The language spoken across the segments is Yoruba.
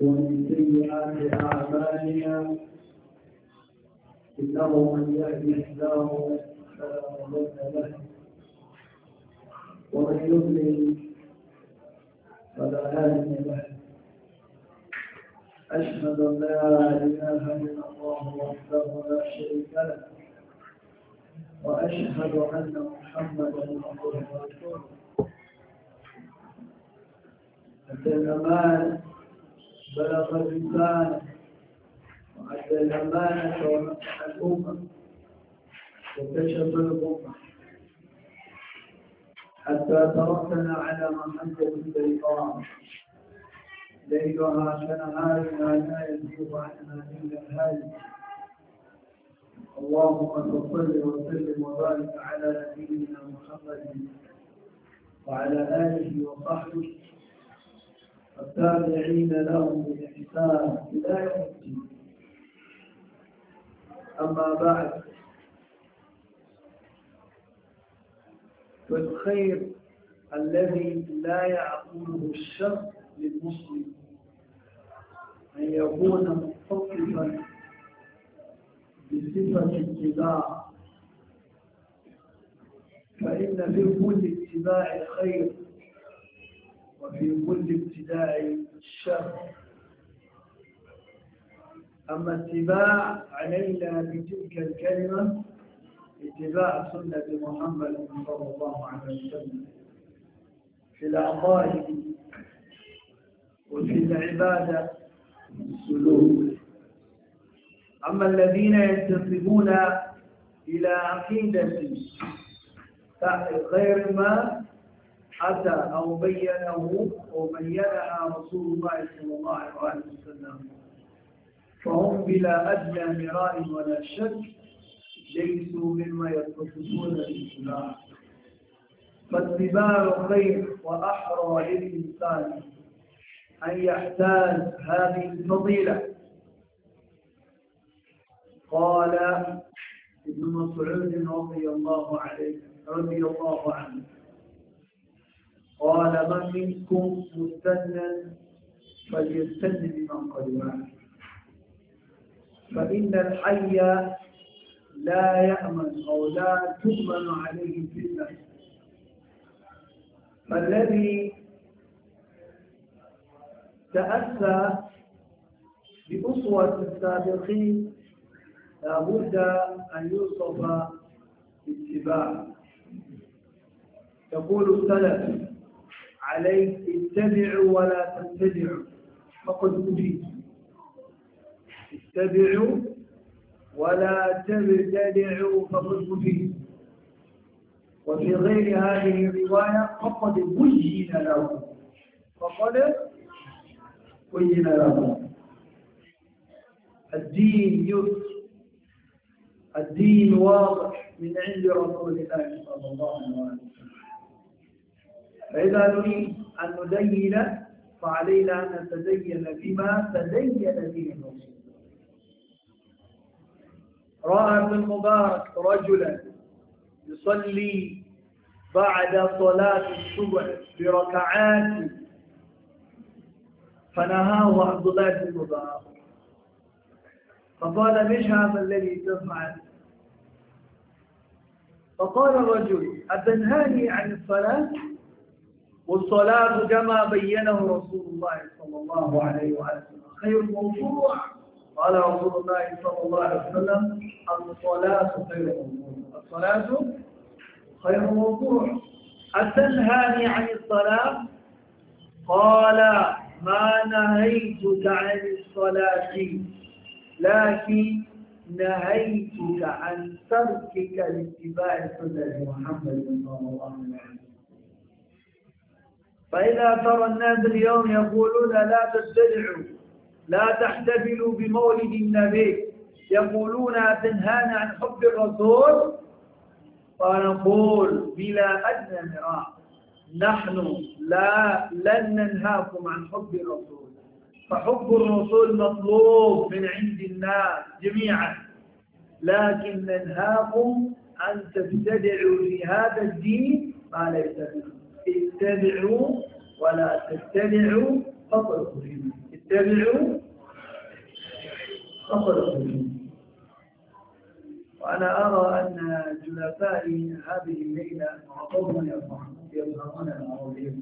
ومن سيئات أعمالنا إنه من يهدي الله فلا مضل له ومن يضلل فلا هادي له أشهد أن لا إله إلا الله وحده لا شريك له وأشهد أن محمدا عبده ورسوله الكلمات بلغ الرسالة وأدى الأمانة ونصح الأمة وكشف الأمة حتى تركنا على محمد الشيطان ليلها كنهارنا لا يزيغ عنها إلا الهالك اللهم صل وسلم وبارك على نبينا محمد وعلى آله وصحبه والتابعين لهم بإحسان إلى يوم الدين أما بعد فالخير الذي لا يعقله الشر للمسلم أن يكون متصفا بصفة اتباع فإن في كل اتباع خير وفي كل ابتداء الشر أما اتباع علينا بتلك الكلمة اتباع سنة محمد صلى الله عليه وسلم في العقائد وفي العبادة السلوك أما الذين ينتسبون إلى عقيدة غير ما حتى أو بينه أو بينها رسول الله صلى الله عليه وسلم فهم بلا أدنى مراء ولا شك ليسوا مما يتصفون الإسلام فاتباع خير وأحرى للإنسان أن يحتاج هذه الفضيلة قال ابن مسعود رضي الله عليه رضي الله عنه قال من منكم مستنا فليستن بمن قد مات فإن الحي لا يأمن أو لا تؤمن عليه الفتنة فالذي تأسى بأسوة السابقين لابد أن يوصف باتباع يقول السلف عليه اتبعوا ولا تتبعوا فقد أجيب اتبعوا ولا تبتدعوا فقد أجيب وفي غير هذه الرواية فقد بين له فقد بين له الدين يسر الدين واضح من عند رسول الله صلى الله عليه وسلم فإذا نريد أن ندين فعلينا أن نتدين بما تدين به الرسول رأى ابن المبارك رجلا يصلي بعد صلاة الصبح بركعات فنهاه عبد الله بن المبارك فقال مش هذا الذي تفعل فقال الرجل أتنهاني عن الصلاة والصلاة كما بينه رسول الله صلى الله عليه وسلم خير موضوع قال رسول الله صلى الله عليه وسلم الصلاة خير موضوع الصلاة خير موضوع أتنهاني عن الصلاة قال ما نهيتك عن الصلاة لكن نهيتك عن تركك لاتباع سنة محمد صلى الله عليه وسلم فإذا ترى الناس اليوم يقولون لا تستدعوا لا تحتفلوا بمولد النبي يقولون تنهانا عن حب الرسول فنقول بلا أدنى مراء نحن لا لن ننهاكم عن حب الرسول فحب الرسول مطلوب من عند الناس جميعا لكن ننهاكم أن تبتدعوا في هذا الدين ما ليس منه اتبعوا ولا تتبعوا خطر الرجيم اتبعوا خطر وأنا أرى أن جلفائي هذه الليلة معظمهم يفهمون العربية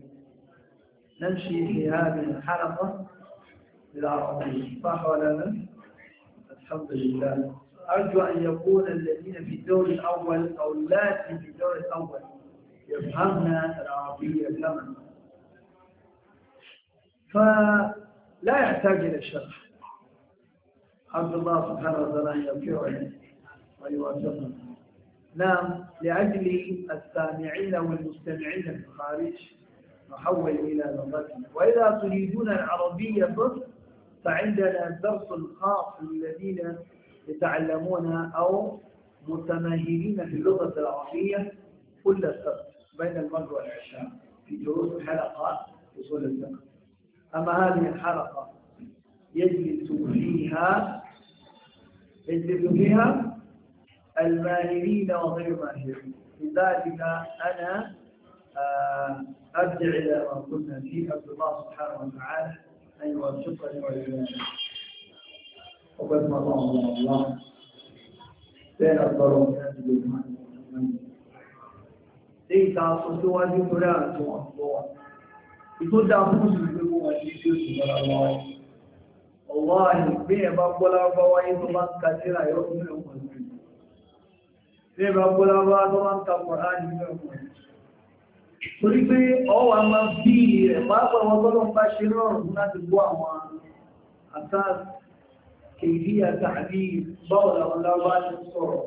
نمشي في هذه الحلقة بالعربية صح ولا لا؟ الحمد لله أرجو أن يكون الذين في الدور الأول أو اللاتي في الدور الأول يفهمنا العربية تماما فلا يحتاج إلى شرح عبد الله سبحانه وتعالى يرفعني ويوافقنا نعم لأجل السامعين والمستمعين في الخارج نحول إلى لغتنا وإذا تريدون العربية بس فعندنا الدرس الخاص للذين يتعلمون أو متماهلين في اللغة العربية كل السبت بين المغرب والعشاء في دروس الحلقة أصول الفقه أما هذه الحلقة يجلس فيها يجلس فيها الماهرين وغير الماهرين لذلك أنا آه، أرجع إلى ما قلنا فيه عبد الله سبحانه وتعالى أن يوفقني وإياك وقد مضى الله بين الضرورات والمعنى lè ta sọ síwájú torí àti wọn lọ wà ìtó dá fún sí pé wọ́n wọ́n ti ṣe oṣù lọ́la lọ́wọ́ ọ̀wọ́ àyè bí ẹ bá gbọ́lá bá wáyé tó bá ń ka síra yọ fún ẹ̀ wọ̀n lù bí ẹ bá gbọ́lá bá tó bá ń ka kọ̀ọ̀rá ní ẹ̀ wọ̀n lù torí pé ọwà máa bí rẹ̀ pàápàá wọn tọ́lọ́ ń bá ṣe rọrùn láti gbọ́ àwọn àtàkèyí àtàbí báwo làwọn lábá ti sọ̀rọ̀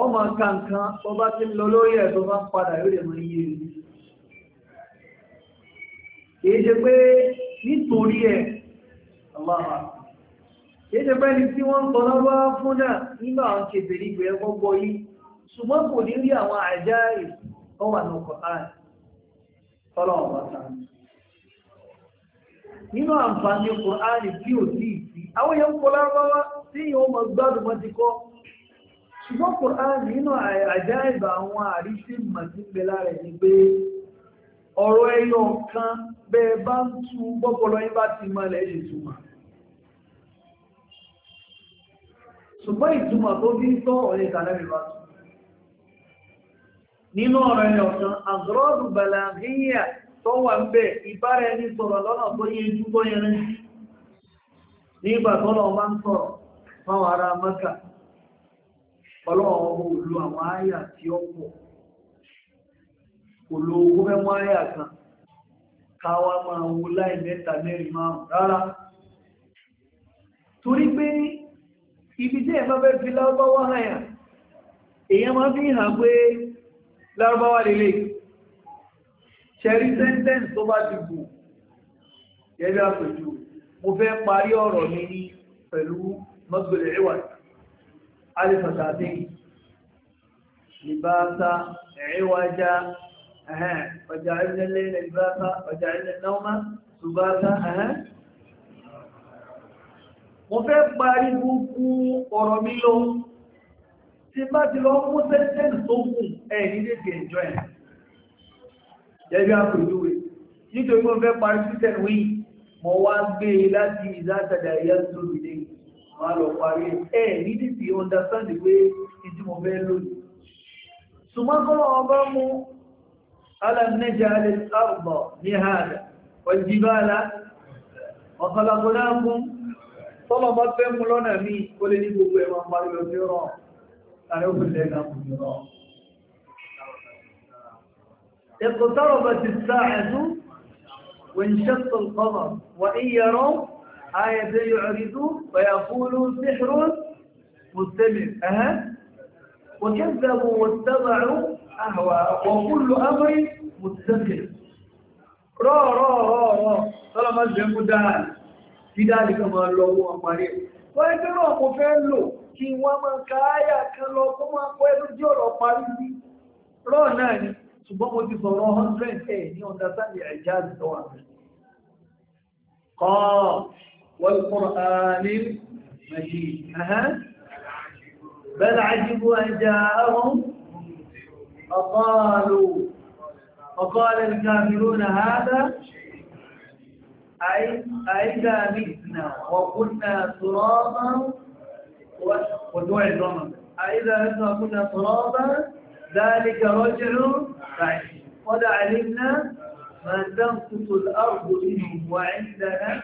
ọmọ kankan tó bá ti lọ lórí ẹ̀ tó bá ń padà yóò lè mọ iye rẹ̀ kìí ṣe pé nítorí ẹ̀ ọlọ́pàá kìí ṣe pé ní tí wọ́n ń tọ́ lọ́wọ́ fún náà nígbà àwọn kèbèrè ìgbé ẹ̀kọ́ gbọ́ yìí ṣùgbọ́n kò ní rí àwọn àjá ìtọ́wà ní ọkọ̀ ààrẹ tọ́lọ̀ ọ̀pọ̀ta nínú àǹfààní ọkọ̀ ààrẹ tí ò sí ìsí àwọn èèyàn kọ́ lárúbáwá tí èèyàn mọ̀ gbádùn mọ́ ti kọ́ ṣùgbọ́n Kùránì nínú àjá ìbà àwọn àríṣí màtígbé lára ní pé ọ̀rọ̀ ẹyọ kan bẹ bá ń tú gbọ́pọ̀lọ yín bá ti mọ́ ilẹ̀ ìtumọ̀ ṣùgbọ́n ìtumọ̀ tó bí tọ́ ọ̀rẹ́ ìtàlẹ́bì bá tú nínú ọ̀rọ̀ ẹyọ kan àgọ́rọ̀dù bàlàmíyà tó wà ń ọlọ́run ọmọ òlu àwọn àyà tí ó pọ̀ kò lo owó mẹ́mọ́ àyà kan káwa máa wo láì mẹ́ta mẹ́rin márùn rárá torí pé ibi tí ẹ̀fẹ́ fẹ́ fi lárúbáwá àyà èèyàn máa fi hàn pé lárúbáwá lélẹ̀ ṣẹ̀rí sẹ́ńtẹ́ǹsì tó bá ti bù yẹ́dá pẹ̀lú mo fẹ́ parí ọ̀rọ̀ mi ní pẹ̀lú mọ́gbẹ̀lẹ̀ ìwàdí alifa sàtẹ́yìn libasa ẹ̀ẹ́wájá ẹ̀hẹ́n ọjà ìrìnlẹ̀ libasa ọjà ìrìnlẹ̀ náà subasa ẹ̀hẹ́n uh-huh. mo fẹ́ parí gbogbo ọ̀rọ̀ mi lọ tí bá ti lọ mú sẹ́ńtẹ́ǹ tó kù ẹ̀ nílé ti ẹ̀jọ́ ẹ̀ jẹ́bí àpèjúwe nítorí mo fẹ́ parí sí tẹ̀wé mo wá gbé e láti ìzátàdà ìyá tó máa lọ parí ẹ̀ ní dìtì understand pé ìdí mo fẹ́ lónìí ṣùgbọ́n ọba mú alàmẹ́jà alẹ́ àrùbọ̀ ní ààrẹ ọjíbára ọ̀kọ̀lọ̀kọ̀lọ́kún tọ́lọ̀ bá fẹ́ mú lọ́nà mí ó lè ní gbogbo ẹwà parí lọ́dí rọ̀ آية يعرضوا ويقولوا سحر مستمر أها وكذبوا واتبعوا أهواء وكل أمر مستقر را را را را طالما الجنب دال في ذلك ما الله أمره ويقولوا أبو فعلوا kí wọ́n máa ka áyà kan lọ kó máa kọ́ ẹlú jí ọ̀rọ̀ parí sí rọ́ náà ni ṣùgbọ́n mo ti sọ̀rọ̀ والقرآن المجيد أها بل عجبوا أن جاءهم فقالوا فقال الكافرون هذا أي أئذا متنا وكنا ترابا ودعي وتعظما أئذا وكنا ترابا ذلك رجع بعيد قد علمنا ما تنقص الأرض منهم وعندنا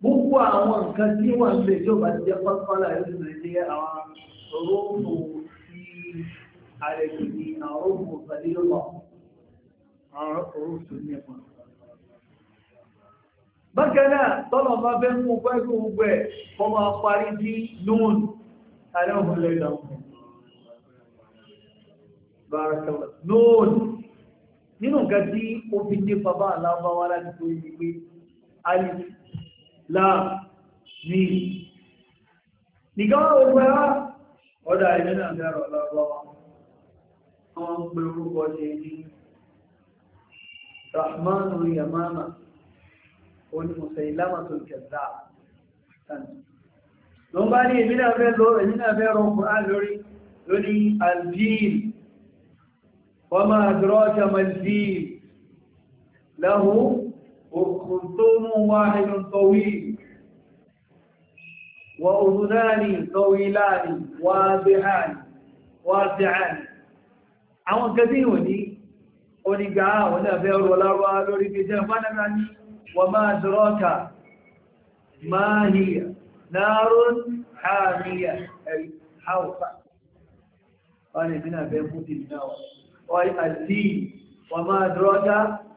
gbogbo àwọn nǹkan tí wọ́n lè tó bá ti jẹ́ pọ́npọ́nlá yóò lè jẹ́ àwọn róòmù tí àrẹ̀kì ní àwọn róòmù pẹ̀lúwọ̀ àwọn róòmù ní ẹ̀kọ́. bákan náà tọ́lọ̀ bá fẹ́ mú pẹ́kù gbogbo ẹ̀ kọ́ máa parí sí lóun tàbí ọmọ lẹ́yìn ọmọ bárakàwà nínú nǹkan tí ó fi dé bàbá aláwọ̀ wá láti tó ibi pé alìsí la ni nìkan wọ́n gbogbo ẹ̀rọ ọ̀dá ẹ̀mí náà bẹ̀rọ lọ́wọ́ wọn gbé orúkọ ṣe ní rahmanu yamama oní musailama tó kẹta lọ bá ní èmì náà bẹ́ẹ̀ lọ èmì náà bẹ́ẹ̀ rọ kùrán lórí lórí alfil wọ́n máa dúró ọjọ́ malfil lahu وخلطون واحد طويل وأذنان طويلان واضحان واضحان عوان كذين ودي قولي قاع ولا بيور ولا روال ولي بيزين فانا معني وما أدراك ما هي نار حامية أي حوصة قالي بنا بيبوتي النار وما أدراك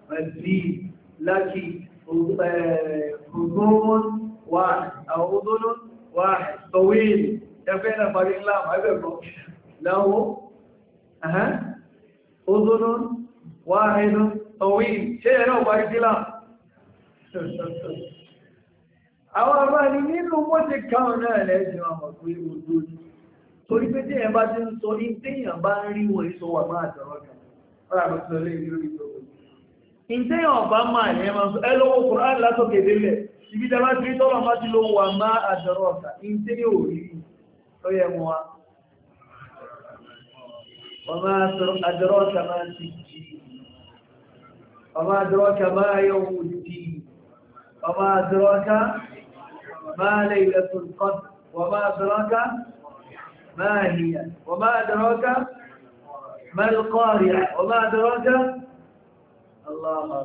ما الزين لك أذن واحد أو أذن واحد طويل كفينا فريق الله ما يبقى له أها أذن واحد طويل شيء له فريق الله àwọn àbáni nínú mọ́tí káwọn náà lẹ́jìn àmọ̀ pé òjò torí pé tí ẹ̀ bá ti ń sọ ní téèyàn bá ń rí wọ̀nyí sọ wà máa tọ̀rọ̀ kan ọ̀rọ̀ àbẹ̀tọ̀ lè rí orí ìtẹ́ ọ̀bá máa yẹ ma ẹlọ́wọ́ kùránì látọ̀kẹ̀ délẹ̀ ibi tẹ́lá tí ó tọ́lọ̀ máa ti ló wà máa àjọrọ̀ ọ̀tà ìtẹ́ ní òrí lọ́yẹ̀ mọ́ wa ọmọ àjọrọ̀ ọ̀tà máa ti jì ọmọ àjọrọ̀ ọ̀tà máa yọ ohun jì ọmọ àjọrọ̀ ọ̀tà máa الله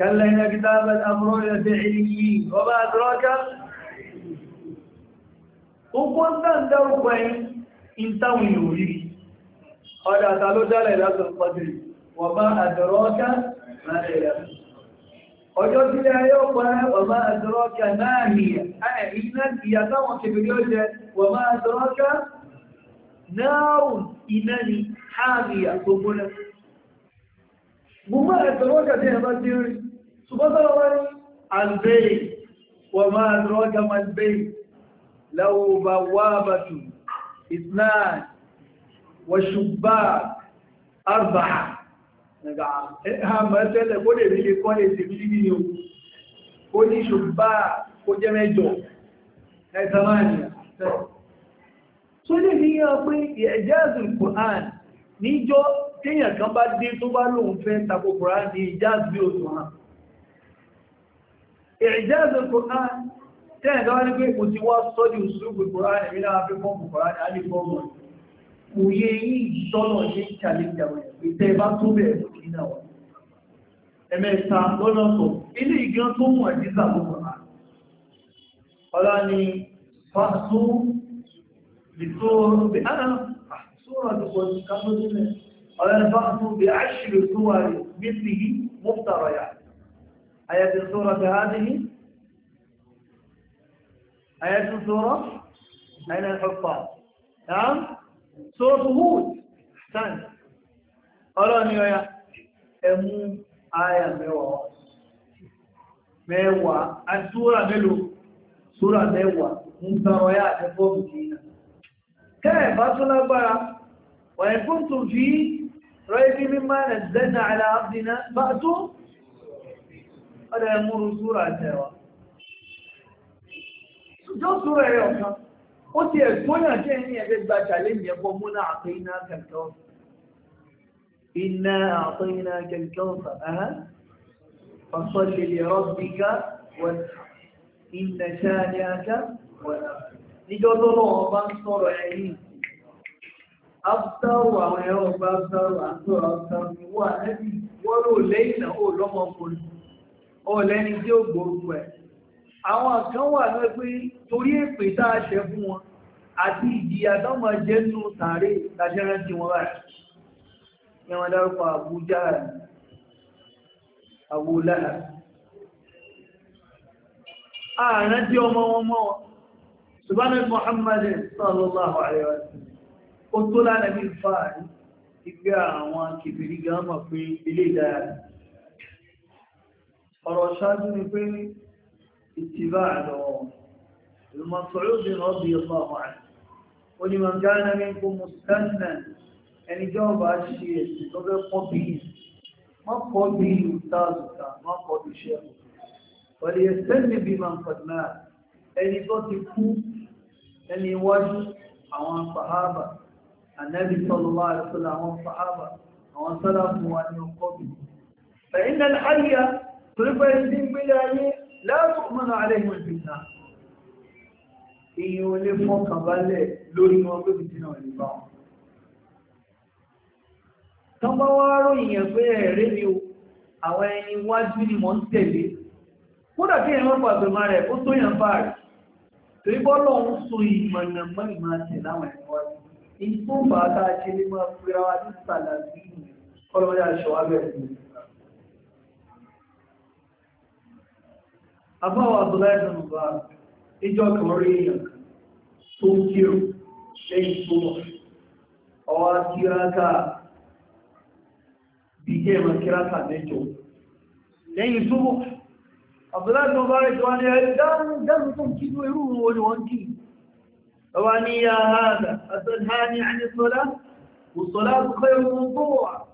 أكبر إن كتاب الأمر الفعلي وما أدراك أن ندور إن انتو يوري قال تعالوا جل ليلة القدر وما أدراك ما ليلة ọjọ́ tí lè وما أدراك ما هي أنا hìyà ààrẹ iná ìyàtàwọn kèbèrè وما jẹ wọ̀má àdúrọ́kà حامية iná gbogbo ẹ̀sẹ̀ wákàtí ẹ̀bá ti rí ṣùgbọ́sára wá ní albay wà máa rọ́gá malbay láwọ́bà wábàtù isnan wà ṣùgbà arba ẹ̀gbà ẹ̀hàmà tẹ́lẹ̀ kó lè rílé kọ́ lè tèbí ní o ó ní ṣùgbà kó jẹ́ mẹ́jọ ẹ̀tàmáàlì tó lè ní ọ pé ìẹ̀jẹ́ àzùn kùrán níjọ́ tíyàn kan bá dé tó bá lóun fẹ́ tako Kùránì ní ìjáàzù bí òtù hàn ìjáàzù Kùránì tíyàn kan wá ní pé kò ti wá sọ́dí òṣùgbò Kùránì ní náà fi fọ́ọ̀mù Kùránì á ní fọ́ọ̀mù òye yìí sọ́nà ṣe ń challenge àwọn ìtẹ́ bá tó bẹ̀rẹ̀ fún kí náà wà ẹ̀mẹ́ta lọ́nà sọ ilé ìgbọ́n tó mú àjíṣà ló wà ní kámọ́dé mẹ́rin ọ̀rẹ́ fọ́nù bí aṣìlú tó wà rí mílì yìí mọ́tàrọ̀ yà ayẹ́tì sọ́rọ̀ bí a ní ayẹ́tì sọ́rọ̀ ayẹ́tì sọ́rọ̀ sọ́rọ̀ hood stand ọlọ́ni ọya ẹmú ayà mẹ́wàá mẹ́wàá àtúrà mélòó sọ́rọ̀ mẹ́wàá mọ́tàrọ̀ yà àti fọ́ọ̀mù kẹ́ẹ̀ bá tó lágbára wà ẹ̀kún tó fi رأيتي مما نزلنا على عبدنا بأسه ألا يمر سورة التوى جو سورة أخا قلت يكون كهني أجد باتعلم يقومون أعطيناك الكوثر إنا أعطيناك الكوثر أها فصل لربك وانحر إن شانئك ولا نجد الله سورة صرعين aftaru àwọn ẹ̀rọ ọba aftaru àtò aftaru ni wọ́n àlẹ́bí wọ́n lò lẹ́yìn náà ó lọ́mọkùnrin ọ̀lẹ́ni tí ó gbòòrò ẹ̀. àwọn kan wà lọ pé torí èpè tá a ṣe fún wọn àti ìjìyà tó máa jẹ́ nù tààrí lájẹ́rẹ́ tí wọ́n rà ní wọ́n dárúkọ àbújá àwòlára ààrẹ ọmọ wọn mọ́ ṣùgbọ́n Muhammad sallallahu wa sallam ó tó lára bí fàárí ìgbé àwọn kìbìrì gan mọ̀ pé ilé ìdára ọ̀rọ̀ ṣáájú ni pé ìtìbá àlọ́wọ́ المنصعود رضي الله عنه ولمن كان منكم مستنى ẹni jọ́ bá ṣe ẹ̀sìn tó fẹ́ pọ́ bí i wọ́n pọ́ bí i ìtàzùta wọ́n pọ́ bí iṣẹ́ kù pẹ̀lú ẹ̀sẹ̀ níbi manfàdínà ẹni tó ti kú ẹni iwájú àwọn sàhábà ànábì sọ́lọ́wọ́ àìsọ́lọ́ àwọn fàábà àwọn sọ́lá fún wa ní ọkọ̀ bí. fẹ̀yìn náà àyà torí pé sí gbélé ayé láàbù mọ́nà alẹ́ ìwọ̀n ti nà. èèyàn ò lè fọkàn balẹ̀ lórí wọn pé bìtì náà lè bá wọn. tọ́gbọ́n wá ròyìn yẹn pé ẹ̀rẹ́ mi o àwọn ẹni wájú ni mò ń tẹ̀lé kódà kí ẹ̀rọ pàgbẹ́ máa rẹ̀ ó tó yàn bá rẹ̀ torí bọ́lọ̀ ń so ìmọ̀nàmọ́ ìmọ̀ àtẹ̀ láwọn ẹ̀rọ wájú ìfúnfà tá a ṣe lè máa pera wa ní sàlàbí ọlọ́dẹ aṣọ abẹ́rẹ́ mi. Abáwọ̀ Abdullahi Nàmbà ìjọ kan rí èèyàn tó ń kírun lẹ́yìn tó mọ̀. Ọwọ́ kíráka bíi kí ẹ̀mọ kíráka mẹ́jọ. Lẹ́yìn tó mọ̀, Abdullahi Nàmbà rẹ̀ jọ wá ní ẹ̀ أواني يا هذا أتنهاني عن الصلاة والصلاة خير موضوع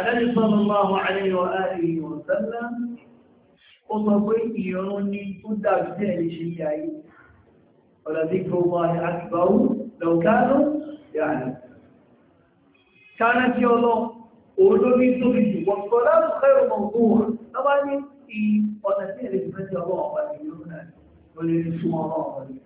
النبي صلى الله عليه وآله وسلم والله يروني تدى بتهل شيئي ولذكر الله أكبر لو كانوا يعني كانت يولو أولوني تبدي والصلاة خير موضوع أواني إيه ونسير بفتي الله وليونا وليسوا الله وليونا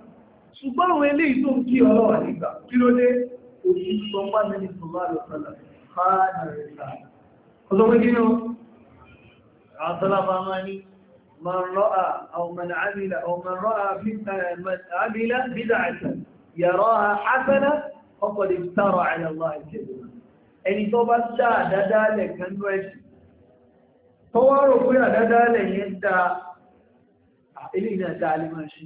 ṣùgbọ́n àwọn eléyìí tó ń kí ọlọ́wà nígbà kí ló dé òfin sọ pàdé ní sọlá lọ́sọ̀lá fáàdà rẹ̀ sá ọ̀sọ̀ pé kí ni ó àtọ́lá bá máa ní man ra'a aw man 'amila aw man ra'a fi man 'amila bid'atan yaraha hasana faqad iftara 'ala Allah kadhiba ẹni tó bá dá àdádá lẹ̀ kan ló pé àdádá yẹn dá ilé ìdá dá ṣe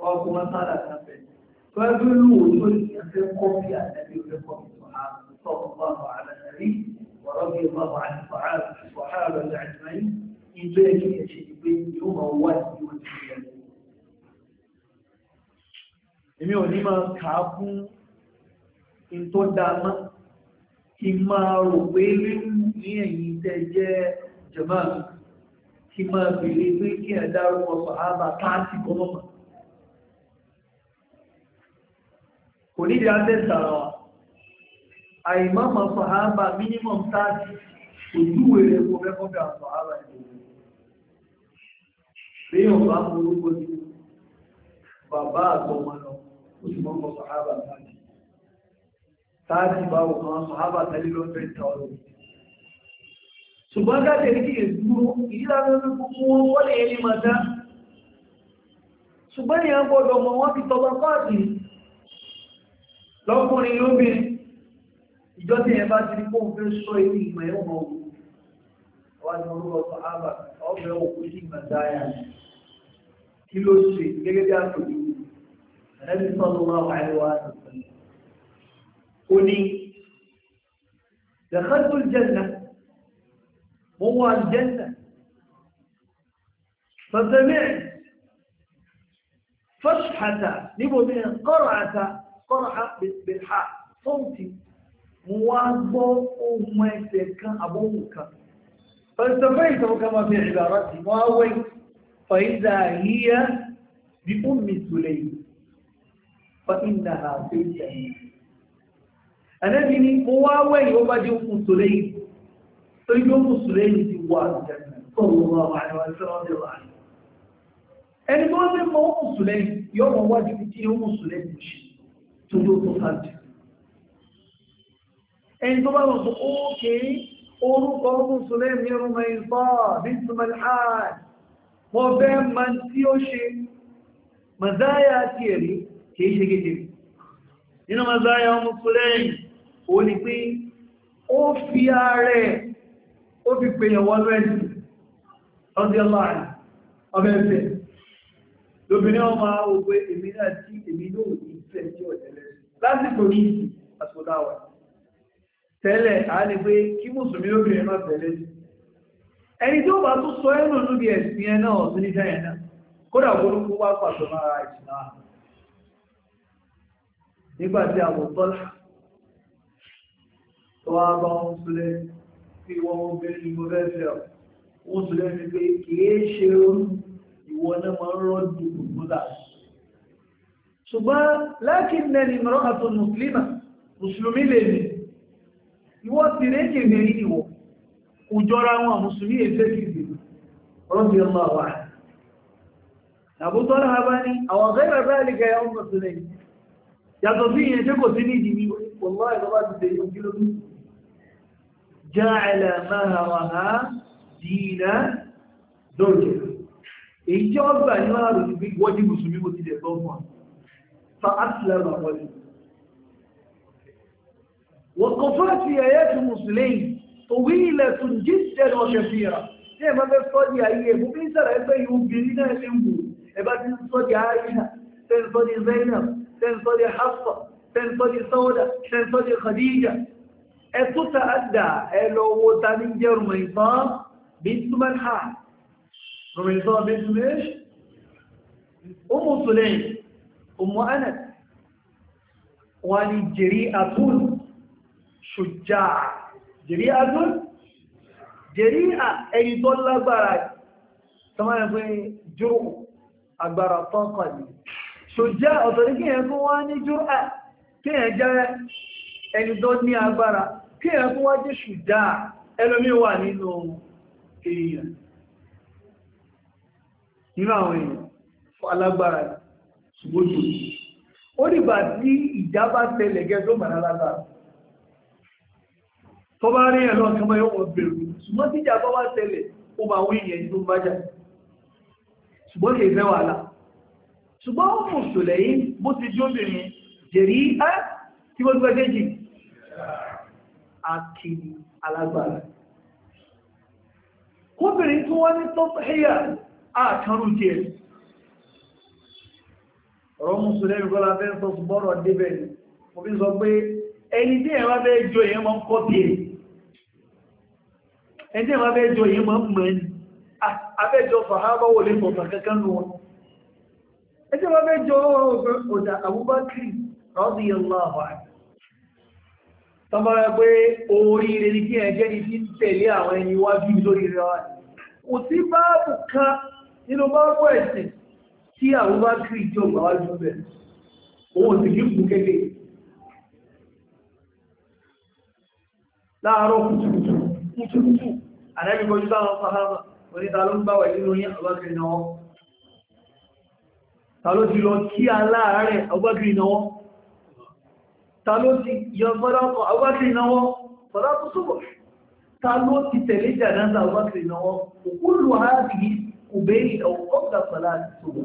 Wọ́n kó mọ́sálà kan fẹ́. Fẹ́ẹ́ bí lóòótọ́ ìfẹ́ kọ́fí àtẹ́bí ìfẹ́ kọ́fí صلى الله على النبي ورضي الله عن الصحابة أجمعين إن èmi ò ní máa kà fún in tó dáná kí máa rò pé rí ní ẹ̀yìn tẹ́ jẹ́ jẹ̀máà kí máa bèèrè pé kí ẹ dárúkọ sọ̀hábà táàtì gọ́mọ̀mọ̀. kò ní ìdí adé sàrọ̀ wa àìmọ́mọ̀ sọ̀hábà minimum táàtì òjúwèé rẹ̀ kò fẹ́ kọ́bẹ̀ àwọn sọ̀hábà ìgbòho. bí yóò bá mú orúkọ bàbá àtọmọ lọ ó sì mọ́mọ̀ sọ̀hábà táàtì ṣùgbọ́n gáàtẹ̀ ní kí èdúró ìdílára ní gbogbo wọn wọ́n lè ní máa dá ṣùgbọ́n ìyàn gbọ́dọ̀ mọ̀ wọ́n ti tọba kọ́ọ̀tì lọ́kùnrin lóbìnrin ìjọ tí ẹ bá ti rí kó fẹ́ sọ èyí ìmọ̀ ẹ̀ mọ̀ òun wà ní orúkọ ọkọ̀ وهو الجنة فسمعت فشحة نبو من قرعة قرعة بالحاء صوتي مواظب أمتك أبوك فالتفيت كما في عبارتي واوي فإذا هي بأم سليم فإنها في الجنة أنا بني مواوي وبدي أم سليم torí bí ó mùsùlùmí ti wà ẹni tó wọ́n fẹ́ mọ́ mùsùlùmí yóò mọ̀ wájú tí ó mùsùlùmí ṣe tó ló tó sáájú ẹni tó bá wọ́n tó ókè orúkọ mùsùlùmí mìíràn mọ̀ ìbá bí túnmọ̀lá mọ̀ bẹ́ẹ̀ ma tí ó ṣe mazáyà ti ẹ̀rí kìí ṣe gẹ́gẹ́ nínú mazáyà mùsùlùmí ó ní pé ó fi ààrẹ ó fi pèyàn wọ́n rẹ̀sì ọdíọ́lá ọmọ ẹ̀fẹ́ lóbìnrin ọmọ ogbé èmi náà tí èmi lóò ìfẹ́ tí ọ̀tẹ̀lẹ̀ lásìkò ní ìsì àsòdáwà tẹ́lẹ̀ a lè pé kí mùsùlùmí lóbìnrin má tẹ̀lẹ̀ ẹni tí ó bá tún sọ ẹnu níbi ẹ̀sìn ẹ náà sí ní dáyẹ̀ náà kódà wá pàtó mára nígbà tí pé ìwọ obìnrin ni mo fẹ́ fẹ́ ọ wọ́n tún lẹ́nu pé kìí ṣe ìwọ náà máa ń rọ́ọ̀dù gbogbo ṣùgbọ́n lákì nẹni mọ́rọ́ àtọ̀ mùsùlùmá mùsùlùmí lè ní ìwọ ti rékè mẹ́rin ìwọ kò jọra wọn mùsùlùmí èfẹ́ kìí rọ́bì ọmọ wa àbútọ́ náà bá ní àwọn gẹ́rẹ̀ bá lè gẹ̀ẹ́ ọmọ sílẹ̀ yàtọ̀ sí ìyẹn tí kò sí ní ìdí ní wọ́n lọ́wọ́ ti tẹ̀yìn òkìlómítì جعل مهرها دين زوجها إن جواب أنها رجبك واجب سمي مثل الضوء فأسلم رجل وقفات في آيات المسلمين طويلة جدا وكثيرة يا إيه ما بفضي أيه مبين سر أبا يوبرنا الأمه أبا تنصدي عائشة تنصدي زينب تنصدي حفصة تنصدي سودة تنصدي خديجة ẹ̀tọ́ ta àdà ẹlọ́wọ́ ta ní jẹ́ Rumaisan bintu Malha Rumaisan bintu Malha Ummu Sulaym Ummu Anas wọ́n ni jẹ́rí àtún ṣùjá jẹ́rí àtún jẹ́rí à ẹni tó lágbára tọ́mọ́nà pé jùrù agbára tọ́kọ̀ ní ṣùjá ọ̀tọ̀ ẹni tó ní agbára kí èèyàn tó wá jẹ́ ṣùdá ẹlòmí wà nínú èèyàn nínú àwọn èèyàn alágbára ṣùgbójú ó dìgbà tí ìjà bá tẹlẹ̀ gẹ́gẹ́ mọ̀ lálágbára tó bá rí ẹ̀lọ́ ọ̀kẹ́mọ́ yóò wọ́n bẹ̀rù ṣùgbọ́n tí ìjà bá wá tẹlẹ̀ ó máa wí ìyẹn tó bá jà ṣùgbọ́n kì í fẹ́ wàhálà ṣùgbọ́n ó mùsùlẹ̀ yìí bó ti jóbìnrin jẹ̀rí á tí wọ́n gbẹ́gẹ́ jìí akiri alágbára kóbìnrin tí wọ́n ní tọ́pẹ́yà àkàrù jẹ́ ọ̀rọ̀ mùsùlùmí kọ́lá fẹ́ sọ bọ́rọ̀ débẹ̀ ni mo fi sọ pé ẹni tí ẹ̀wà bẹ́ jọ èyàn mọ́ kọ́ tí ẹni tí ẹ̀wà bẹ́ ah, jọ èyàn mọ́ mọ́ ni abẹ́jọ fàhábọ́wò lè fọ̀fà kankan lọ ẹni tí ẹ̀wà bẹ́ jọ ọ̀dà Abubakar radiyallahu anhu tọ́bọ̀rọ̀ pé oríire ní kí ẹ jẹ́ ní tí ń tẹ̀lé àwọn ẹni wájú lórí rẹ̀ wá kò sí báàbù kan nínú báàbù ẹ̀sìn tí àwọn bá kiri jọ gbàwájú bẹ̀ òun sì kí kù kéde láàárọ̀ kùtùkùtù kùtùkùtù àdábì kọjú táwọn fahama oníta ló ń bá wẹ̀ nínú yín àbákiri náà ta ló ti lọ kí aláàárẹ̀ àbákiri náà ta ló ti yọ sọ́dọ́kọ̀ abúbákiri náwọ́ sọ́dọ́kù súnmọ̀ ta ló ti tẹ̀lé jàdáńsà abúbákiri náwọ́ òkúlù ààbì kùbẹ́rì ọ̀kọ́gbà sọ́dá súnmọ̀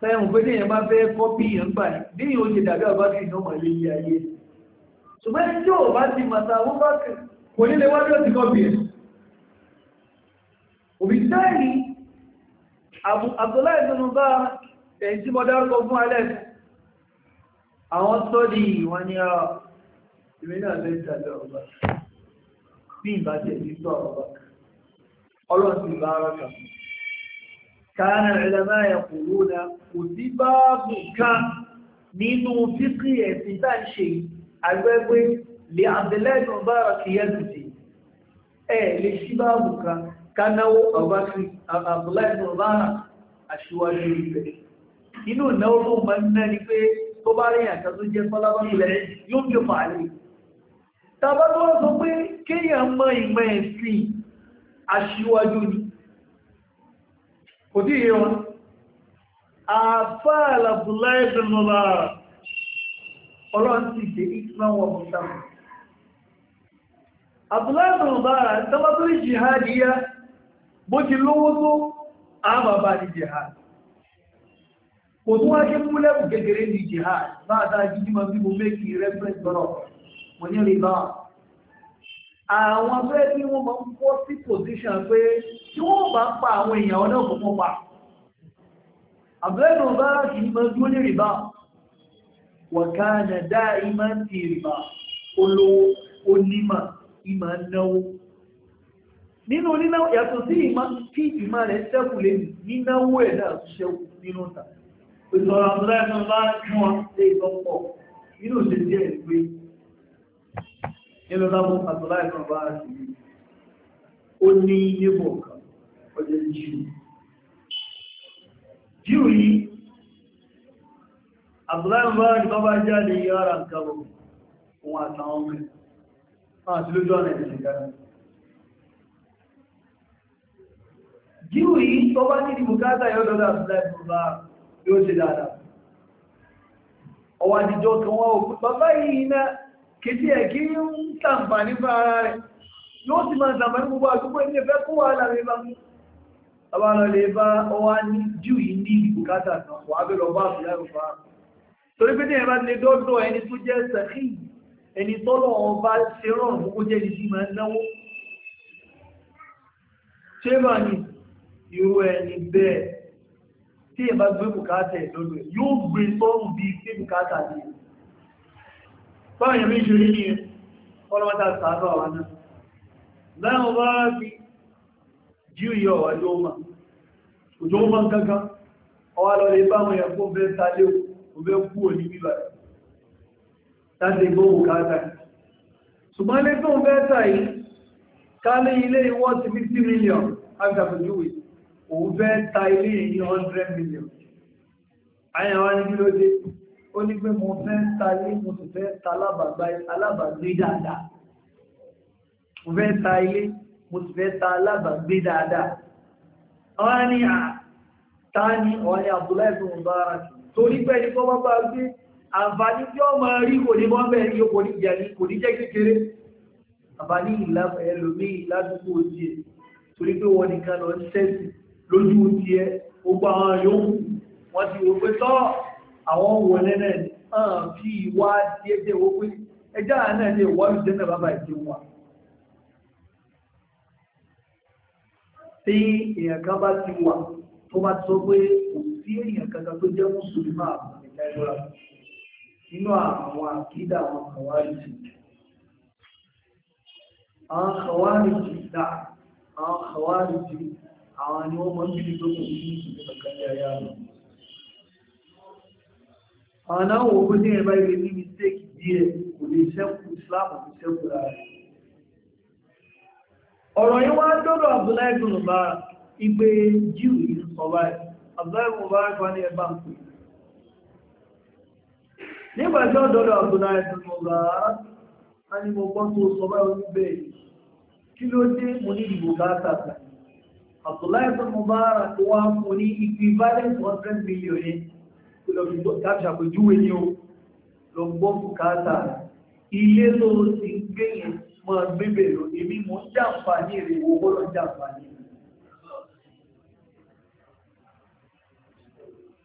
sẹ́yìn pé ní ẹ̀má fẹ́ kọ́pì yẹn gbà ní ìyẹn ó ṣe dàbí abúbákiri náà mọ̀ lé ayé ṣùgbọ́n ní tí ò bá ti màtà abúbákiri kò ní òbí sẹ́yìn Abdullahi bin èyí tí mo dárúkọ fún alẹ́ àwọn sọ́dí wọn ni ọ ah, ìwé náà lè tàbí ọba bí ìbá tẹ̀ sí sọ ọba ọlọ́sìn bá ara kan káàna ìlànà ẹ̀kùnrú na kò sí báàbù kan nínú fíkì ẹ̀sìn tá ń ṣe agbẹ́gbẹ́ lè àbẹ̀lẹ́gbọ̀n bára kìí ẹ̀ lè aṣíwájú ìbẹ̀rẹ̀ inú ìnáwó tó mọ̀ náà ni pé tó bá rí àkà tó jẹ́ fọ́lábá ilẹ̀ yóò fi fà lè tàbá tó wọ́n sọ pé kéèyàn mọ ìmọ̀ ẹ̀sìn aṣíwájú ni kò tí yé wọn àfáà làbùláì dùnúlà ọlọ́run ti dé ìtìmọ̀ wọn mọ̀ sáà Abdullahi kò tún wáyé mú lẹ́bù kékeré ní jihad bá àtàrà jíjí ma bí mo méjì reference lọ́rọ̀ mo ní rí bá àwọn abẹ́ tí wọ́n máa ń kọ́ onímọ̀ ìmá náwó nínú onínáwó yàtọ̀ sí ìmá kí ìmá rẹ̀ sẹ́kù lè nínáwó ẹ̀dá àtúnṣẹ́kù nínú tàbí ìsọ̀rọ̀ àbúrẹ́nu bá fún wọn lé ìgbọ́pọ̀ inú ṣe díẹ̀ pé nínú lábọ́ àtọ́lá ìkan bá sí ó ní níbọ̀ kan ọjọ́ jíù jíù yìí àbúrá ìbá ìkan bá jáde yára nǹkan lọ ohun àtàwọn ọmọ ẹ̀ àti lójú ọ̀nà ìṣẹ̀gá jíù yìí tọ́bá ní ìbùkátà yọ́dọ́dọ́ àbúrá ìbá yóò ṣe dáadáa ọwọ́ àtijọ́ kan wá òkú bàbá yìí náà kì í sí ẹ̀ kí ń sàǹfààní fún ara rẹ̀ yóò sì máa sàǹfààní gbogbo àgbogbo ilé fẹ́ kó wàhálà rẹ̀ bá mú bàbá lọ lè bá ọwọ́ ní jù yìí ní ìbùkátà náà wà á bẹ̀rẹ̀ ọba àbúlá ìrùfà torí pé tẹ̀yẹ̀ bá lè dọ́dọ̀ ẹni tó jẹ́ sàkí ẹni tọ́lọ̀ ọba ṣe rọrùn kókó jẹ́ ìdí máa ṣé bá ní irú ẹni bẹ́ẹ̀ tí ẹ bá gbé bùkátà lọ́dọ̀ ẹ̀ yóò gbé sọ́rùn bí gbé bùkátà ní ẹ̀. báwọn èèyàn méjì rí ní ọlọ́mọta sàárọ̀ àwọn náà láwọn bá fi jíò yọ ọjọ́ ọmọ òjò ọmọ kankan ọwá lọ lè báwọn èèyàn fún fẹ́ sálé ò fẹ́ kú òní bíbà láti gbó bùkátà ṣùgbọ́n lé tó ń fẹ́ sàyí ká lé ilé ìwọ́ ti 50 òun fẹ́ ta ilé ní 100 million àyàwó ní kí ló dé ó ní pé mo fẹ́ ta ilé mo sì fẹ́ ta alábàgbé dáadáa mo fẹ́ ta ilé mo sì fẹ́ ta alábàgbé dáadáa wọ́n ní à ta ni ọ̀rẹ́ ní Abdullahi fún ọ̀bára torí pé ní kọ́ bá gbé àǹfààní tí ó rí kò ní mọ́ bẹ́ẹ̀ ní kò ní jẹ́ kò ní jẹ́ kékeré àǹfààní ìlànà ẹlòmíì ládùúgbò díẹ̀ torí pé wọ́n nìkan lọ ń ṣẹ́sìn lójú ti ẹ gbogbo àwọn yóò wọ́n ti wò pé tọ́ àwọn wọlé náà ní ọ̀n fi wá déédéé wó pé ẹjá náà lè wọ́n lùdẹ́ náà bàbá ìdí wa tí èèyàn kan bá ti wà tó bá sọ pé kò sí èèyàn kankan tó jẹ́ mùsùlùmí àwọn àkídà àwọn àwárí àwọn àwárí jìdá àwọn àwárí àwọn ni wọ́n mọ́ ń bílì tó kò sí ìpínlẹ̀ ayá rẹ̀ àwọn náà wọ́n kó ní ẹ̀bá ilé ní mistake díẹ̀ kò lè sẹ́kù Islam kò sẹ́kù rárẹ̀ ọ̀rọ̀ yìí wá dọ́dọ̀ Abdullahi bin Mubarak ìgbé Jew is survive Abdullahi bin Mubarak wá ní ẹ̀bá ń pè nígbà tí ó dọ́dọ̀ Abdullahi bin Mubarak a ní mo tó sọ báyìí bẹ́ẹ̀ kí ló dé mo ní ìbò káàkiri Abdullahi bin Mubarak wá fún ní equivalent 100 million ní lọ́gbọ́ káṣàpéjúwe ní o lọ́gbọ́ bùkátà ilé ló ti ń gbé yẹn mọ́ bíbẹ̀ lọ èmi mọ́ jàǹfààní rẹ̀ wo bọ́lọ̀ jàǹfààní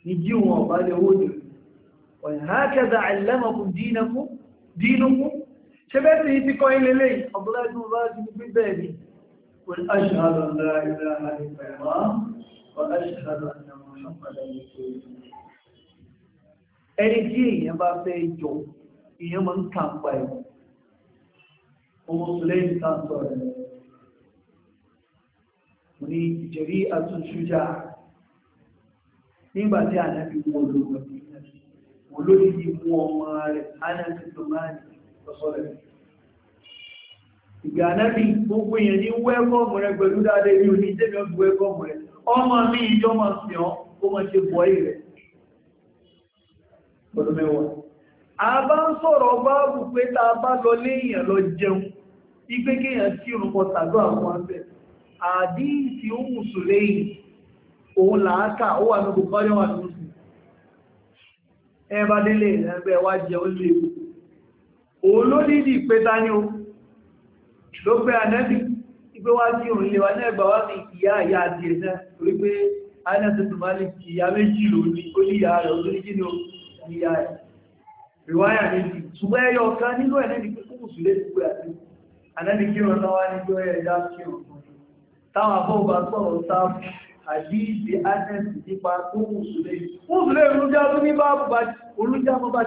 ní jí wọn ọ̀bá lè owó ní ọ̀hákẹ́dà àìlẹ́mọ̀kùn dínúkú ṣẹ́bẹ́sì ti kọ́ ilé lẹ́yìn Abdullahi bin Mubarak ní قل أشهد أن لا إله إلا الله وأشهد أن محمدا رسول الله ẹni tí èèyàn bá fẹ́ jọ èèyàn máa ń kàǹpa ẹ̀ ọmọ lẹ́yìn sáńsọ rẹ̀ mo ní ìjẹ̀rí àtúnṣújà nígbà tí ànábì wọ olóògbé olóògbé mú ọmọ rẹ̀ ànábì tó máa ń sọ rẹ̀ ìgbà náàbí gbogbo èèyàn ní wẹ́kọ̀ọ̀mù rẹ pẹ̀lú dáadé ní oníjẹ́mi ọdún wẹ́kọ̀ọ̀mù rẹ ọmọ mi ìjọ mọ̀ sí ọ́ ó mọ̀ ṣe bọ́ rẹ̀ pẹ̀lú mẹ́wàá a bá ń sọ̀rọ̀ báàbù pé ta bá lọ léèyàn lọ jẹun ipé kéèyàn tí òun kọ tàdó àwọn abẹ àdíìsì ó mùsùlẹ́yìn òun làákà ó wà ní gbogbo ọjọ́ wà ní mùsùlùmí ẹ bá délé ìrẹ́gbẹ́ wá jẹun lé òun ló nídìí pé ta ní ló pé anẹ́bì ipé wá sí òun lè wá ní ẹgbà wá ní ìyá ìyá àti ẹ̀sẹ̀ torí pé anẹ́sì tó máa ní ìyá méjì ló ní ó ní ìyá rẹ̀ ó ni ó ní ìyá rẹ̀ rìwáyà méjì ṣùgbọ́n ẹyọ ọ̀kan nínú ẹ̀ nẹ́ni kí kúkú sílé gbogbo àti anẹ́bì kí wọn náwá ní jọ ẹ̀dá kí wọn táwọn afọ́ọ̀bá sọ̀rọ̀ sáfù àbí ìdí anẹ́sì nípa tó kù sílé kú sílé olújá tó ní bá olújá mọ́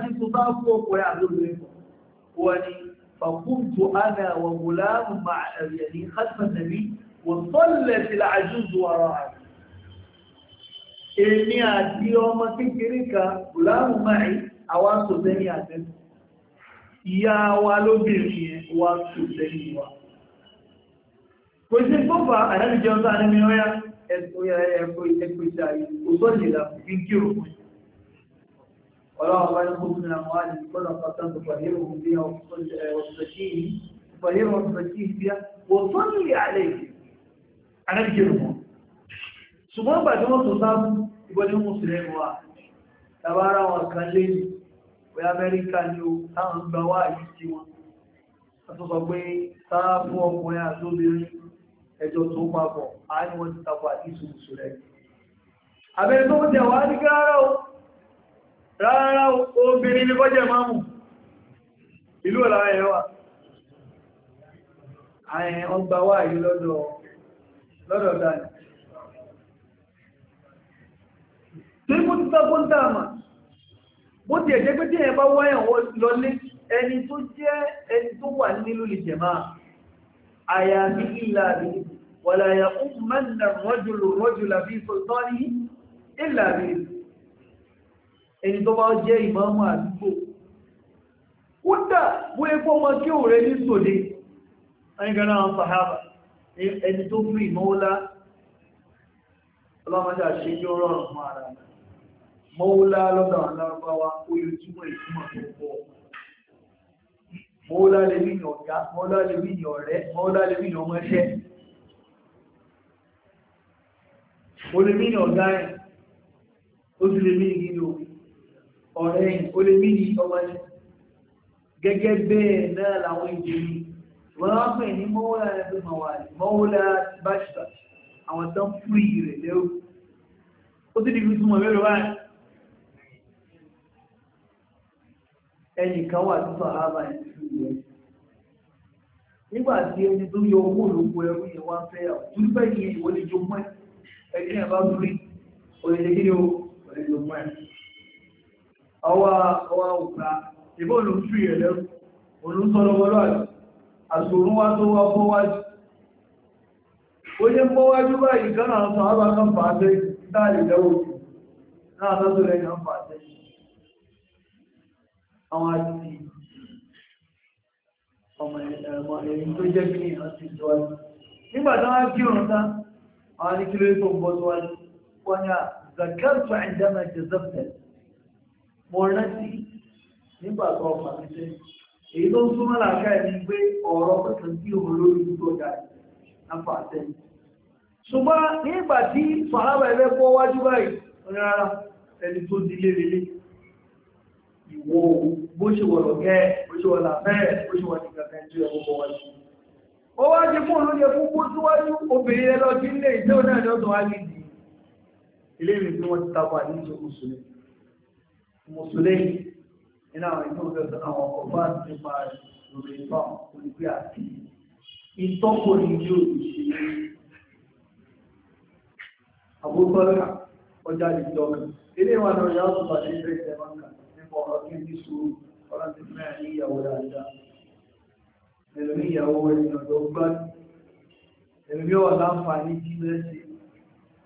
ni فقمت أنا وغلام مع يعني خلف النبي وصلت العجوز وراءي èmi àti ọmọ kékeré kan gùláàmù máì àwa ń sòtẹ́yìn àtẹ́sù ìyá wa lóbìnrin yẹn wa ń sòtẹ́yìn wa kò sí gbọ́fà àyàbìjọ́ sáà ní mìíràn ẹ̀kọ́ ìṣàyẹ̀ òtọ́jìlá fi ń kí òkùn ولا غيرهم من أموالهم صدقة تطهرهم بها وتزكيهم تطهرهم وتزكيهم بها وصل عليهم على الجرم ṣùgbọ́n bàtí wọ́n tó sáàbù ìgbọ́n ní mùsùlùmí wa tàbára wọn kan lé ní pé amẹ́ríkà ni ó táwọn gba wá àyí sí wọn àtúnṣọ pé sáàbù ọkùnrin àtóbìnrin ẹjọ́ tó papọ̀ àánú wọn ti tapọ̀ àti ìṣòwò rárá obìnrin ní bọ́jẹ̀ máa mù ìlú ọ̀la ẹ̀wà àyẹ̀ ọgbà wà yìí lọ́dọ̀ lọ́dọ̀ dáadì tí mú ti sọ fún dáàmà bó ti ẹ̀jẹ́ pé tí ẹ̀ bá wáyàn lọlé ẹni tó jẹ́ ẹni tó wà nílùú lè jẹ̀má àyà ní ìlà rí wàlàyà ó mẹ́nà rọ́jùlù rọ́jùlà bí sọ̀tọ́ ní ìlà rí ẹni tó bá jẹ́ ìmáàmù àdúgbò kódà bó epo ọmọ kí ò rẹ ní sòdé ẹnìkaná àwọn fàhábà ẹni tó fi ìmọ́wólá ọlọ́mọdé àṣejọ́ rọrùn fún ara mọ́wólá lọ́dọ̀ àwọn lárúbáwá ó yóò túmọ̀ ìtumọ̀ tó pọ̀ mọ́wólá lè rí ní ọ̀gá ọ̀rẹ́ o lè mí ní ọmọ ní gẹ́gẹ́ bẹ́ẹ̀ náà làwọn èdè ní wọ́n wá pè ní mọ́wọ́lá ẹgbẹ́ mọ̀wá mọ́wọ́lá báṣìbà àwọn tó ń fún iyì rẹ̀ lẹ́wọ́ ó ti di fi túmọ̀ mẹ́rin wá ẹnìkan wà tó sàhábà ẹ̀ sí ìwé nígbà tí ẹni tó yọ owó olóko ẹrú yẹn wá fẹ́ ọ̀ tó fẹ́ yẹn ìwọlé jogún ẹ̀ ẹni náà bá dúrí òyìnbó kí ni ó òyìnbó jogún ẹ̀ ọwá òkà ìbò olùsù ìrẹ̀lẹ́rù olùsọ́lọ́wọ́lọ́rẹ̀ àṣòrún wá tó wá bọ́wájú ó yẹ bọ́wájú báyìí kan náà sọ àbá kan fàájẹ́ dáàlì lẹ́wọ̀ náà tọ́tọ́ rẹ̀ kan fàájẹ́ àwọn àti ọmọ ẹ̀yìn tó jẹ́ mo rántí nígbà tó ọ̀pá èyí tó ń súnmọ́ làákà ẹni pé ọ̀rọ̀ pẹ̀sán tí òun lórí tó ga lápá àtẹ ṣùgbọ́n nígbà tí ẹgbẹ́ wájú báyìí rárá ẹni tó di lérelé ìwọ bó ṣe wọ̀ bó ṣe bó mùsùlùmí iná àwọn ìlú ọ̀gẹ́gẹ́ àwọn ọkọ̀ bá ti pa lórí ìfà olùgbé àti ìtọ́kọ̀ ní ìlú òṣèlú àbúkọ́lá ọjà ìjọba ilé wa náà yà ọ̀tọ̀ àti ilé ìjọba nípa ọ̀rọ̀ kí n ti so ọ̀rọ̀ ti fẹ́ ní ìyàwó jí mẹ́sì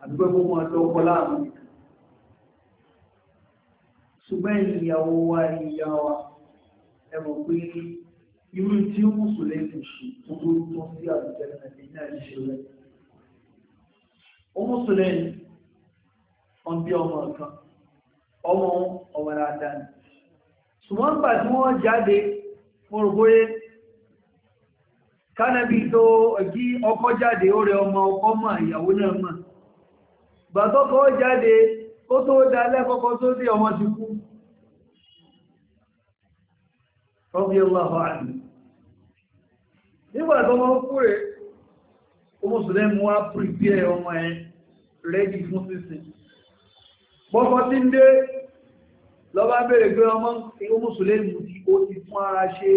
àdúgbò gbogbo ọjọ́ ṣùgbọ́n ìyàwó wa ìyá wa ẹ mọ̀ pé irú tí ó mùsùlùmí ṣe tó tó tó sí àbújá nàìjíríà náà ń ṣe rẹ̀. ó mùsùlùmí wọn bí ọmọ kan ọmọ ọmọ dáadáa ni ṣùgbọ́n gbà tí wọ́n jáde tó kí ọkọ jáde ó ọmọ ọkọ mọ ìyàwó náà mọ gbàtọ́kọ jáde ó tó dá lẹ́kọ́kọ́ tó dé ọmọ ti kú rọ́bí ọlọ́wọ́ àmì nígbà tó wọ́n kú rẹ̀ ó mùsùlẹ́mù wá prepare ọmọ ẹ̀ rẹ́dì fún sísìn bọ́kọ́ tí ń dé lọ́bá bèèrè pé ọmọ ìwọ mùsùlẹ́mù tí ó ti fún ara ṣe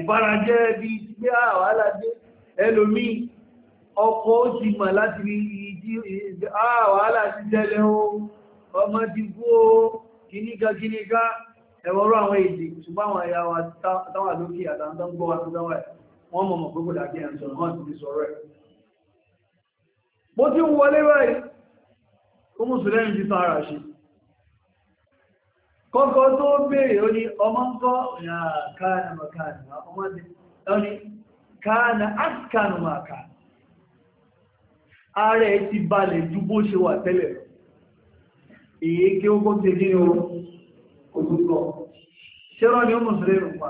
ìbárajẹ́ bí pé àwàlá ah, dé ẹlòmí ọkọ̀ ó ti mọ̀ láti rí ìdí àwàlá ah, ti tẹ́lẹ̀ ohun ọmọ dìbò kìníkà kìníkà ẹ̀wọ̀rọ̀ àwọn èdè ṣùgbọ́n àwọn ẹ̀yà wa táwà lókè àtàntàn gbọ́ wa tó dáwà wọ́n mọ̀ mọ̀ gbogbo dàbí ẹ̀ sọ̀rọ̀ wọ́n ti fi sọ̀rọ̀ ẹ̀ bó ti ń wọlé báyìí ó mú sùlẹ́yìn ti tán ara ṣe kọ́kọ́ tó béèrè ó ní ààrẹ ti balẹ̀ ju ṣe wà tẹ́lẹ̀ lọ èyí kí ó kó ti kí ní oró òtútọ́ ṣẹ́rọ ni ó mùsùlùmí rùpa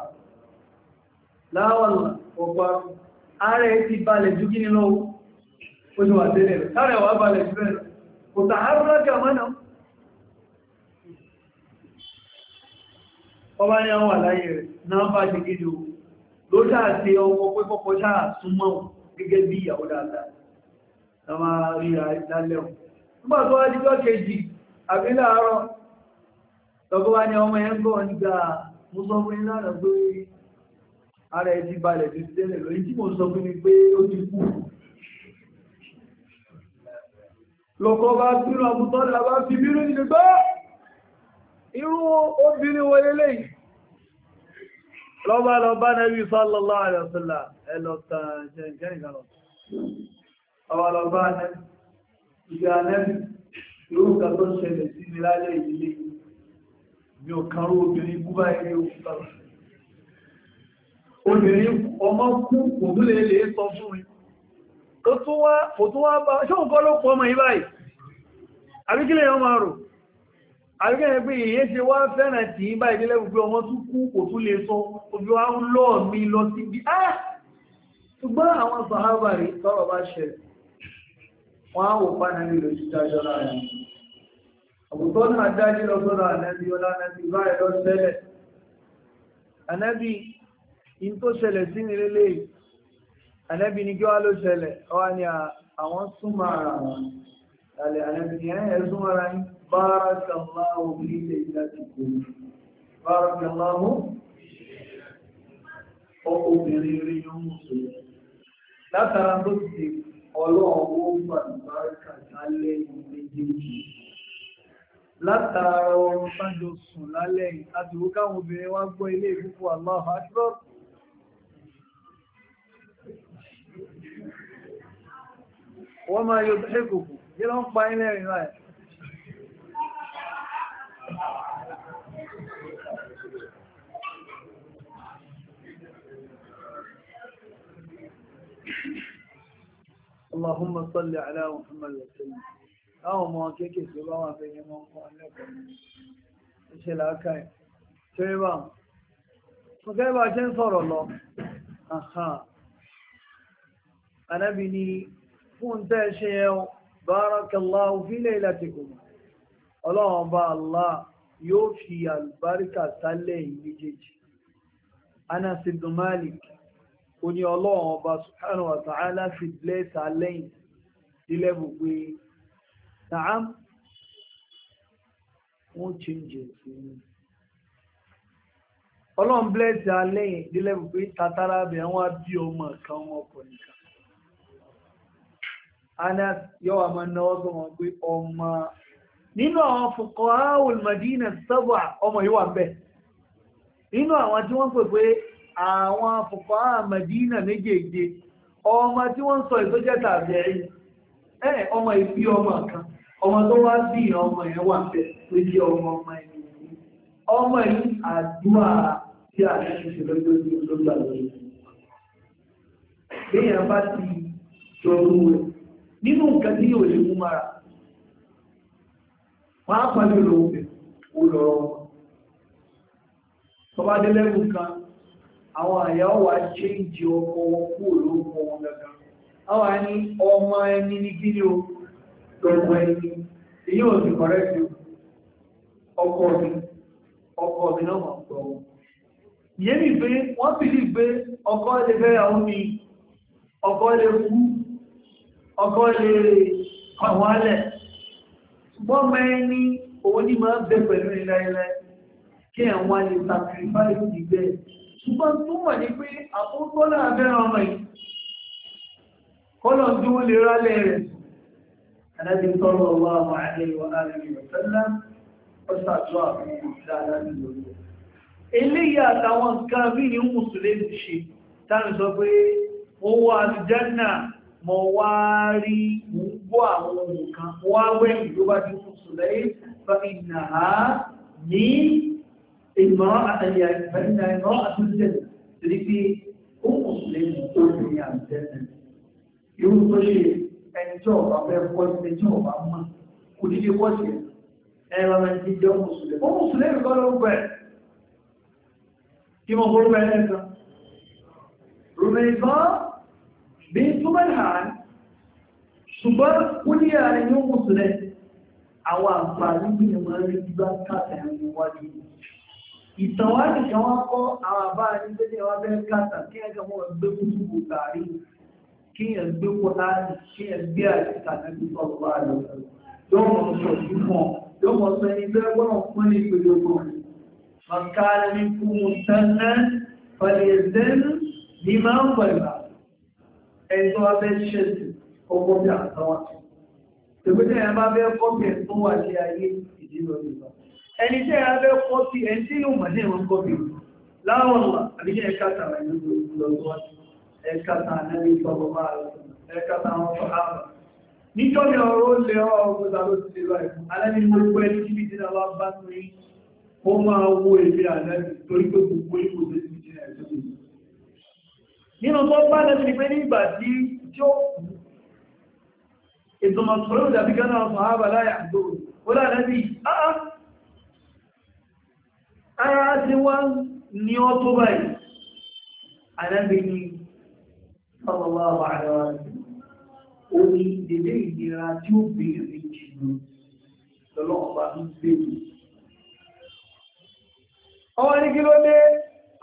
láwọ̀lá ọ̀pá ààrẹ ti balẹ̀ jù kí ní lọ́wọ́ ó ti wà tẹ́lẹ̀ ààrẹ wà balẹ̀ jù bẹ́ẹ̀ kò tààrùlákà mọ́nà ọba ní àwọn àláyé rẹ̀ náà bá ti gídò ló sáàtẹ ọmọ pẹ́pọ́pọ́ sáà súnmọ́ gẹ́gẹ́ bí àbí láàárọ̀ tọ́gbọ́ wá ní ọmọ yẹn gọ́ mú sọ fún iná rẹ̀ pé ara ẹ̀ balẹ̀ ti tẹ́lẹ̀ lórí tí mo sọ fún pé ó ti kú lọ́kọ́ bá bínú àbútọ́ là fi bínú irú obìnrin wọlé lẹ́yìn lọ́bá nẹ́bí ẹlọ́ta jẹ́ irú nǹkan tó ṣẹlẹ̀ sí mi lálẹ́ ìdílé mi ò kan rú obìnrin kú báyìí ó kú báyìí obìnrin ọmọ kú kò tún lè lè sọ fún mi kò tún wá bá ṣóun kọ́ ló pọ̀ ọmọ yìí báyìí àbíkílẹ̀ yọ máa rò àríkẹ́ pé èyí ṣe wá fẹ́ràn tí bá ìdílé gbogbo ọmọ tún kú kò tún lè sọ ojú wa ń lọ́ọ̀ mi lọ sí bí á ṣùgbọ́n àwọn sàhábà rí tọ́rọ̀ bá ṣẹlẹ̀ wọ́n á wò pa nàbí lójú dájọ́ láàrin àbùtọ́ náà dájú lọ́gbọ́dọ̀ ànábì ọlá ànábì báyìí lọ sẹ́lẹ̀ ànábì in tó ṣẹlẹ̀ sí mi lélẹ́yìí ànábì ni kí wá ló ṣẹlẹ̀ ọwá ni àwọn súnmọ́ ara wọn lálẹ́ ànábì ni ẹ̀ súnmọ́ ara yín bára kàmá òbí ilé ìdájú kò bára kàmá mú rí ọlọ́run ó mà lùbáríkà lálẹ́ méjèèjì látara ọrùn sájọ sùn lálẹ́ yìí láti wó káwọn obìnrin wá gbọ́ ilé wọ́n máa yọ tẹ́kùkù kí ló ń pa ilé ìrìn Allahumma salli ala Muhammad wa sallam àwọn ọmọ kéékèèké bá wà fẹ́ yẹn mọ́ fún ọlẹ́kọ̀ọ́ iṣẹ́ làákà ẹ̀ ṣeré bá wọn gẹ́gẹ́ bá ṣe ń sọ̀rọ̀ lọ anábì ni fún tẹ́ ṣe yẹn barakallahu fi laylatikum ọlọ́run bá Allah yóò fi àlùbáríkà sálẹ̀ yìí méjèèjì Anas ibn Malik ó ní ọlọ́run ọba subhanahu wa ta'ala fi blẹ́sà lẹ́yìn sílẹ̀ gbogbo naam wọ́n change it ọlọ́run blẹ́sì alẹ́yìn ìdílé pé tatara bẹ̀ wọ́n á bí ọmọ kan wọn kọ̀ nìkan ana yóò wà máa náwó sọ ọmọ nínú àwọn fuqaha al-Madina sábà ọmọ yìí wà nínú àwọn tí wọ́n pè pé àwọn afọ̀fà àmàdínà méjèèjì ọmọ tí wọ́n sọ ìtọ́jẹ́ tàbí ẹ̀ ọmọ ìbí ọmọ kan ọmọ tó wá bí ọmọ ẹ̀ wà jẹ́ ọmọ ọmọ ẹ̀ ọmọ yìí àdúrà tí a ṣe lọ́jọ́ tí wọ́n á pàdé lóògbé ó lọ́rọ̀ wọn àwọn àyàwó wa ṣe ń jẹ ọmọ wọn kú wọn gangan àwọn àní ọmọ ẹni ní kí ni o ẹni èyí ò sì kọ̀rẹ́ sí ọkọ mi ọkọ mi náà máa gbọ́ wọn mi pé wọ́n bìlí ọkọ lè fẹ́ àwọn mi ọkọ lè kú lè ṣùgbọ́n ọmọ ẹni òun máa bẹ pẹ̀lú kí ṣùgbọ́n túmọ̀ ní pé àkókọ́lá abẹ́rẹ́ ọmọ yìí kọ́lọ̀ tí wọ́n lè rálẹ̀ rẹ̀ alábi tọ́lọ̀ wà wà àríwá àríwá tẹ́lá ọ̀sàtọ́ àbúrò dáadáa ní lórí eléyìí àtàwọn nǹkan bí ní mùsùlùmí ṣe táwọn wá rí gbogbo àwọn nǹkan wá wẹ́yìn tó bá ju mùsùlùmí fa ìnàhà ní امرأة يعني فإن امرأة الجنة تلك أمسلم تلك الجنة يوصي ẹnjọba fẹ́ kọ́ ẹnjọba mọ́ kò dídí wọ́ọ̀sì ẹ̀rọ ẹni tí jẹ́ mùsùlùmí ó mùsùlùmí kọ́ ló ń bẹ̀ kí mo gbọ́dọ̀ bẹ̀rẹ̀ nǹkan rùmẹ̀gbọ́ bí túbọ̀ hà ṣùgbọ́n wúni ààrẹ ní mùsùlùmí àwọn àǹfààní ní ìmọ̀ ẹni tí bá káàkiri wájú ìtànwádìí kan wọ́n kọ́ àwọn àbá nígbé ní ọwọ́ abẹ́rẹ́ káàtà kí ẹgbẹ́ wọn gbé kúrú gàrí kí ẹ gbé kọ́lá kí ẹ gbé àìsíkà níbi ọgbà rẹ̀ yóò mọ̀ sọ sí fún ọ yóò mọ̀ sọ ẹni bẹ́ẹ̀ wọ́n fún eu ìpele ogun mọ̀kálẹ̀ ẹni tẹ́ abẹ́ kọ́ sí ẹni tí yóò mọ̀ ní ẹ̀wọ̀n kọ́ bí láwọn ọ̀la àbíkẹ́ ẹ̀ka tààrà ìlú lọ́wọ́ ẹ̀ka tààrà ní ìfọwọ́ bá rẹ̀ ẹ̀ka tààrà ọ̀fọ̀ ààbà nítorí ọ̀rọ̀ lè ọ́ ọgbọ́ta ló ti lọ ẹ̀ alẹ́ni gbogbo ẹni tí bíi dínà wá bá ní ó máa wo èmi àlẹ́ni torí pé ara ti wá ní ọ tó báyìí alábi ni sallallahu alaihi wa sallam ó ní dédé ìnira tí ó béèrè jìnnà lọ́lọ́ọ̀bá ń gbèrè ọwọ́ ní kí ló dé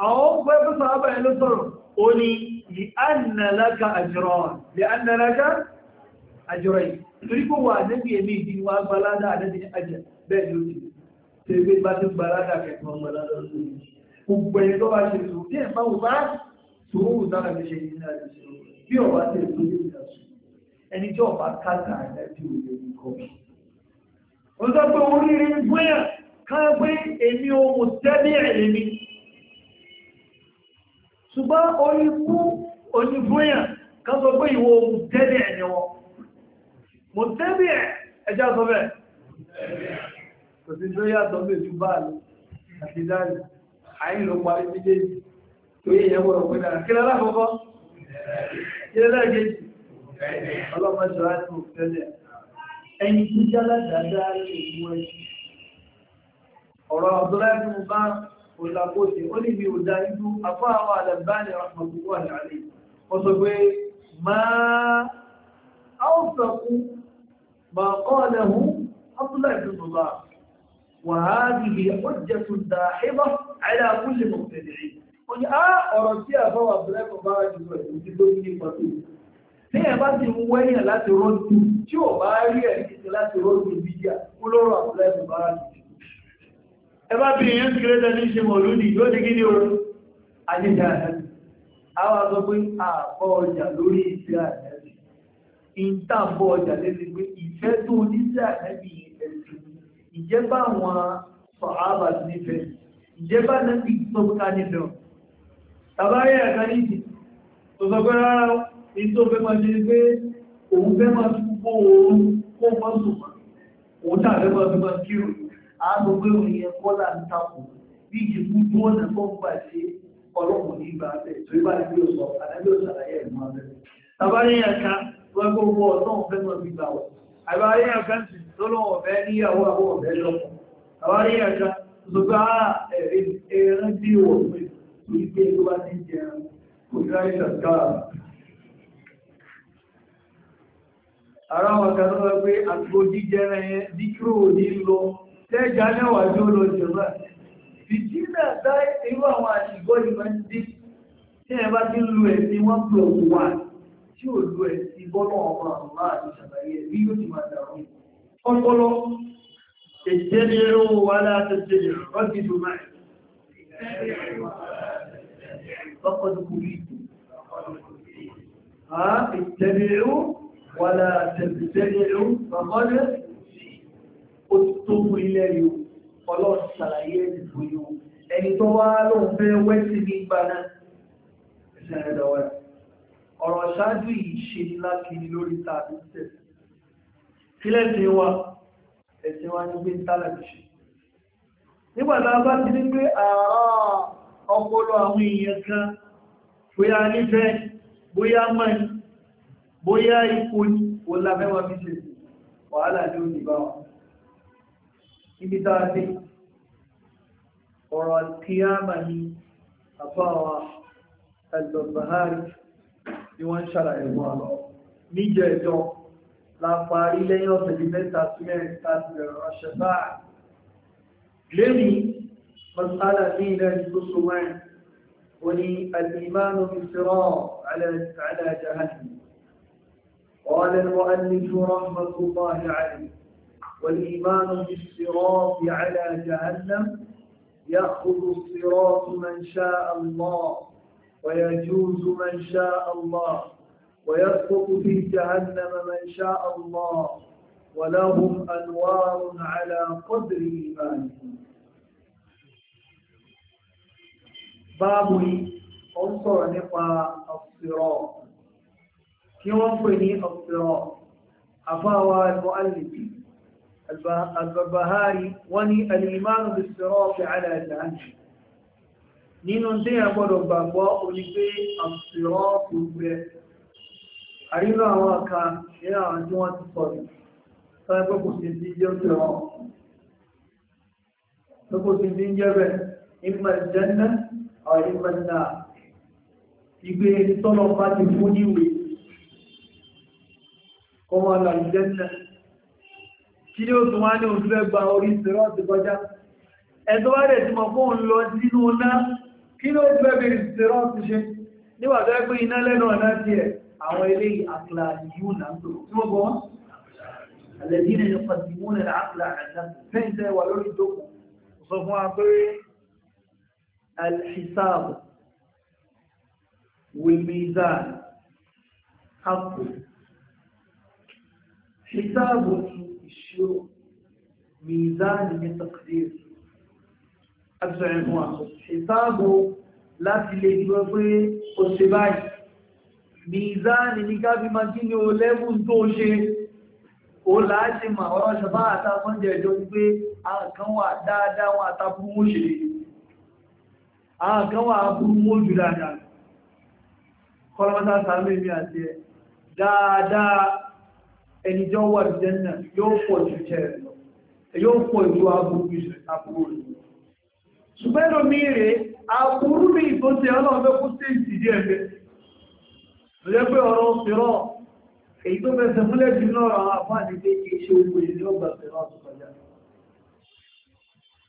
àwọn pẹ́pẹ́ sọ́ọ́bà ẹ̀ ló sọ̀rọ̀ ó ní lè ánàlága àjọrọ̀ kó wà nẹ́bí èmi ìdí gbalada àdẹ́bí ajẹ́ tẹ́gbẹ́ bá tó gba aládà kẹ̀kọ́ ọmọ aládà lórí gbogbo ẹni tó bá ṣe tó bí ẹ̀ bá wù bá tó wù sára fi ṣe yìí náà ti ṣe bí ọba tẹ̀ tó lè gbà sùn ẹni tí ọba kàtà àdájú òde ní kọ́ ọ sọ pé oríire ń gbóyà ká pé èmi ohun tẹ́lẹ̀ ṣùgbọ́n orí kú onígbóyà ká sọ pé ìwọ ohun tẹ́lẹ̀ ẹ̀ni wọn mo tẹ́lẹ̀ ẹ̀já sọ bẹ́ẹ̀ kò sí tó yàtọ̀ bẹ̀ ju báàlù àti dáàlù àyìn ló parí dídé tó yẹ ìyẹn wọ̀rọ̀ pé dára kí lọ́la kọ́kọ́ kí lọ́la kejì ọlọ́mọ ìṣòro àti òfẹ́lẹ̀ ẹni tó jẹ́ aládàáda lè mú ẹ ọ̀rọ̀ ọ̀dọ́lá tí mo bá òlàkóṣe ó lè mi ò وهذه حجة داحضة على كل مبتدع wọ́n á ah, ọ̀rọ̀ tí àbáwà bẹ́ẹ̀kọ̀ bá rẹ̀ jùlọ ìdí tó ní pàtó ní ẹ̀bá ti mú wẹ́yìn láti rọ́dù tí ò bá rí ẹ̀rí ti láti rọ́dù bíyà ó lọ́rọ̀ àbúlẹ́kọ̀ bá rẹ̀ jùlọ ẹbá bí i yẹn kéré tẹ́lẹ̀ ṣe mọ̀ lónìí yóò di kí ni o àjẹjà ẹ̀rí àwọn sọ pé àbọ̀ ọjà lórí ìfẹ́ àjẹjì ìtàbọ̀ ọjà lẹ́sìn pé ìfẹ́ tó oníṣẹ́ àjẹjì yẹn ìjẹ́bá àwọn sọ̀hábà nífẹ̀ẹ́ ìjẹ́bá náà ti tọ́bùká nífẹ̀ẹ́ tàbárí ẹ̀ka nídìí tó sọ pé rárá ní tó fẹ́ máa ṣe pé òun fẹ́ máa túbó oorun kó máa sùnmọ́ òun tàbí máa fi máa kírò àágbó pé òun yẹn kọ́là ń tapò bí ìjìkú tó ọ̀nà tó ń gbà ṣe ọlọ́pù ní tàbárí ẹ̀ka wọ́n gbogbo ọ̀tọ́ òun fẹ́ máa fi gbà wọ̀ àbáríyàn kan sì tó lọ́wọ́ ọ̀fẹ́ níyàwó àwọn ọ̀fẹ́ lọ́pọ̀ àbáríyàn kan gbogbo ah, ẹran tí ó wọ̀ pé orí pé tó bá ti jẹ ẹran kò ní láyé ṣàtàrà ara wọn kan lọ́wọ́ pé àtúgbò jíjẹ ẹran díkírò ní lọ tẹ́jà mẹ́wàá tó lọ jẹ̀mọ́ ìjìnà dá irú àwọn àṣìgbọ́ ìmọ̀ ń dín tí ẹ bá ti lu ẹ̀sìn wọn pọ̀ wà tí ò lo ẹ̀sìn bọ́lọ̀ ọmọ àmà àti ṣàlàyé bí yóò ti máa dàrú ọpọlọ ìjẹ́lẹ̀ owó wà látẹ̀jẹ̀lẹ̀ rọ́gbìdò máa اتبعوا ولا تبتدعوا فقد اتقوا إليه ọlọ́run ṣàlàyé ẹ̀sìn fún yóò ẹni tó wá lóun fẹ́ wẹ́sìn nígbà náà ẹ̀sìn ẹ̀dọ̀wẹ́rẹ̀ ọ̀rọ̀ ṣáájú yìí ṣe ní lákiri lórí tàbí tẹ̀sí kílẹ̀ tí wa ẹ̀sìn wa ní gbé tálàbí ṣe nígbàtà bá ti ní pé àárọ̀ ọpọlọ àwọn èèyàn kan bóyá nífẹ́ bóyá mọ́ni bóyá ipò ní o lábẹ́wà ṣe wàhálà ní òní bá al-Barbahari ni wọ́n ń ṣàrà ẹ̀gbọ́n àlọ́ níjẹ ẹ̀jọ́ la parí lẹ́yìn ọ̀sẹ̀ bí mẹ́ta sí mẹ́ta láti bẹ̀rẹ̀ ránṣẹ́ báà lẹ́mi masala ní ilẹ̀ tó so mẹ́rin ó ní alìmánu fi sirọ́ alẹ́ jahannu قال المؤلف رحمة الله عليه والإيمان بالصراط على جهنم يأخذ الصراط من شاء الله ويجوز من شاء الله ويسقط في جهنم من شاء الله ولهم أنوار على قدر إيمانهم بابي أنصر نقى الصراط كي وفني الصراط أفاوى المؤلف البهاري وني الإيمان بالصراط على جهنم nínú tí a gbọ́dọ̀ gbàgbọ́ orí pé àṣírọ́ gbogbo ẹ̀ àrínú àwọn àka nínú àwọn tí wọ́n ti sọ̀rọ̀ sọ́yẹ́ pé kò sí ti jẹ́ òṣèrọ́ pé kò sí ti jẹ́ bẹ̀ ìmọ̀ ìjẹ́nà àwọn ìmọ̀ ìnà kí ni ó tún wá ní òṣèrẹ́ gba orí ìṣèrọ́ ti kọjá ẹ̀tọ́ tí mọ̀ fóun lọ sínú náà kí ló gbẹ́bẹ̀ ìsìnrán ti ṣe níwàtẹ́ pé iná lẹ́nu ọ̀nà tí ẹ̀ àwọn ilé àkìlà yíò náà tó tí wọ́n bọ́ alẹ́dínà yóò pàtí mú nẹ̀ àkìlà àjá fẹ́yìn tẹ́ wà lórí wa pé alhisab wilmizan hapu hisab ni ìṣirò mizan ni taqdir àtìsọ̀rẹ̀ fún wa ìsáàbò láti lè jùlọ pé o ma kí ni o lẹ́bùn tó ṣe o láti ma ọ̀rọ̀ ṣọba àtàkọ́njẹ́ ẹjọ́ pé àkàn wà dáadáa wọn àtàkùn mú ṣe àkàn wà burú mú jù dáadáa kọlọ́mọ́ta sàmì mi àti ẹ dáadáa ẹnìjọ́ wà jẹ́ náà yóò pọ̀ jù jẹ́ yóò pọ̀ jù àbúrú ṣùgbẹ́rọ mi rẹ̀ àkúrú mi tó ti ọlọ́ọ̀fẹ́ kú sí ìdí ẹgbẹ́ lọ́jẹ́ pé ọ̀rọ̀ fẹ́rọ̀ èyí tó fẹ́sẹ̀ múlẹ̀ jù náà àwọn àfáàdé pé kìí ṣe ogun ìlú ọgbà fẹ́rọ̀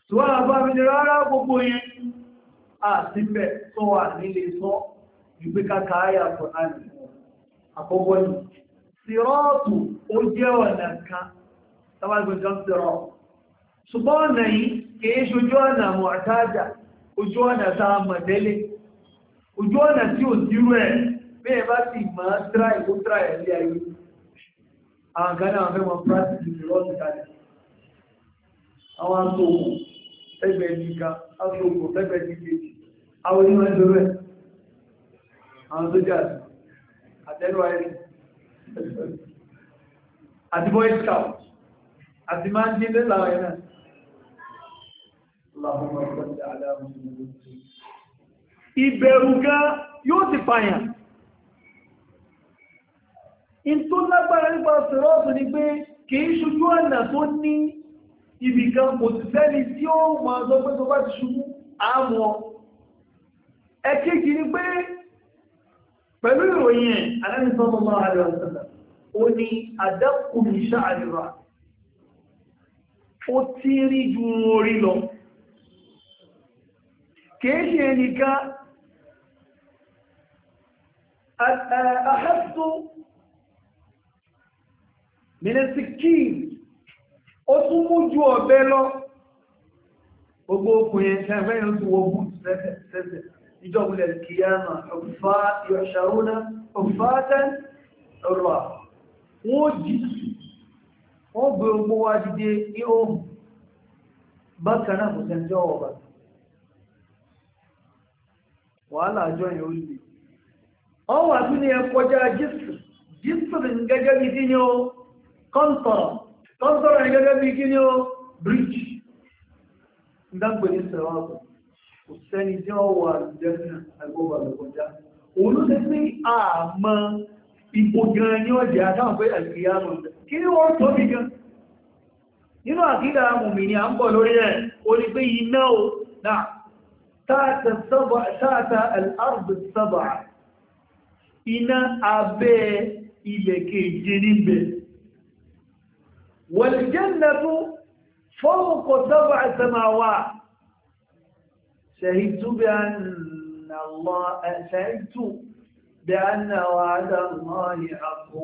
tó kọjá tó ṣùgbọ́n ọ̀nà yìí kìí ṣojú ọ̀nà mọ̀tájà ojú ọ̀nà tá a mọ̀ délé ojú ọ̀nà tí ò sí rẹ̀ bẹ́ẹ̀ bá sì mọ̀ ọ́ tíra ìwó tíra ẹ̀ lé ayé àwọn kan náà fẹ́ mọ practice ìlú lọ́sùn kalẹ̀ àti boy scout àti máa ń dín lẹ́làwọ̀ ẹ̀ náà Ìbẹ̀rù gan yóò ti pààyàn. In tó lágbára nípa sọ̀rọ̀ọ̀sù ni pé kìí ṣojú ọ̀nà tó ní ibì kan kò sì sẹ́ni tí ó máa sọ pé tó bá ti ṣubú àmọ́. Ẹ̀kejì ni pé pẹ̀lú ìròyìn ẹ̀ alẹ́nisọ́mọ́mọ́ àrẹ ọ̀sẹ̀lẹ̀ ó ní kìí ṣe nìkan àhẹ́sù mínísíkì ó tún mú ju ọ̀bẹ lọ gbogbo okùn yẹn ṣẹ́fẹ́ yóò tún wọ́n bùn sẹ́sẹ̀ ìjọbulẹ̀ kìyàmà ọ̀fàṣàrúnà ọ̀fàátán ọ̀rọ̀ wọ́n jí wọ́n gbé ogbó wá jíde ihò bákanáà kò sẹ́jọ́ wàhálà àjọ yẹn ó lè ọ wà tún ní ẹkọjá jísù jísù gẹ́gẹ́ bí kí ni ó kọ́ńtọ̀rọ̀ kọ́ńtọ̀rọ̀ gẹ́gẹ́ bí kí ni ó bíríjì ìdágbè ní sẹ̀wọ́pọ̀ kò sẹ́ni tí ó wà jẹ́nà agbóbà lọ́kọjá òun ló ti pín àmọ́ ipò gan ní ọjà àtàwọn pé àkìyà mọ̀ kí تحت السبع تحت الارض السبع ان اب اليك جنب والجنه فوق سبع سماوات شهدت بان الله شهدت بان وعد الله حق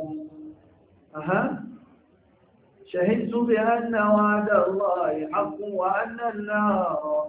أه. شهدت بان وعد الله حق وان النار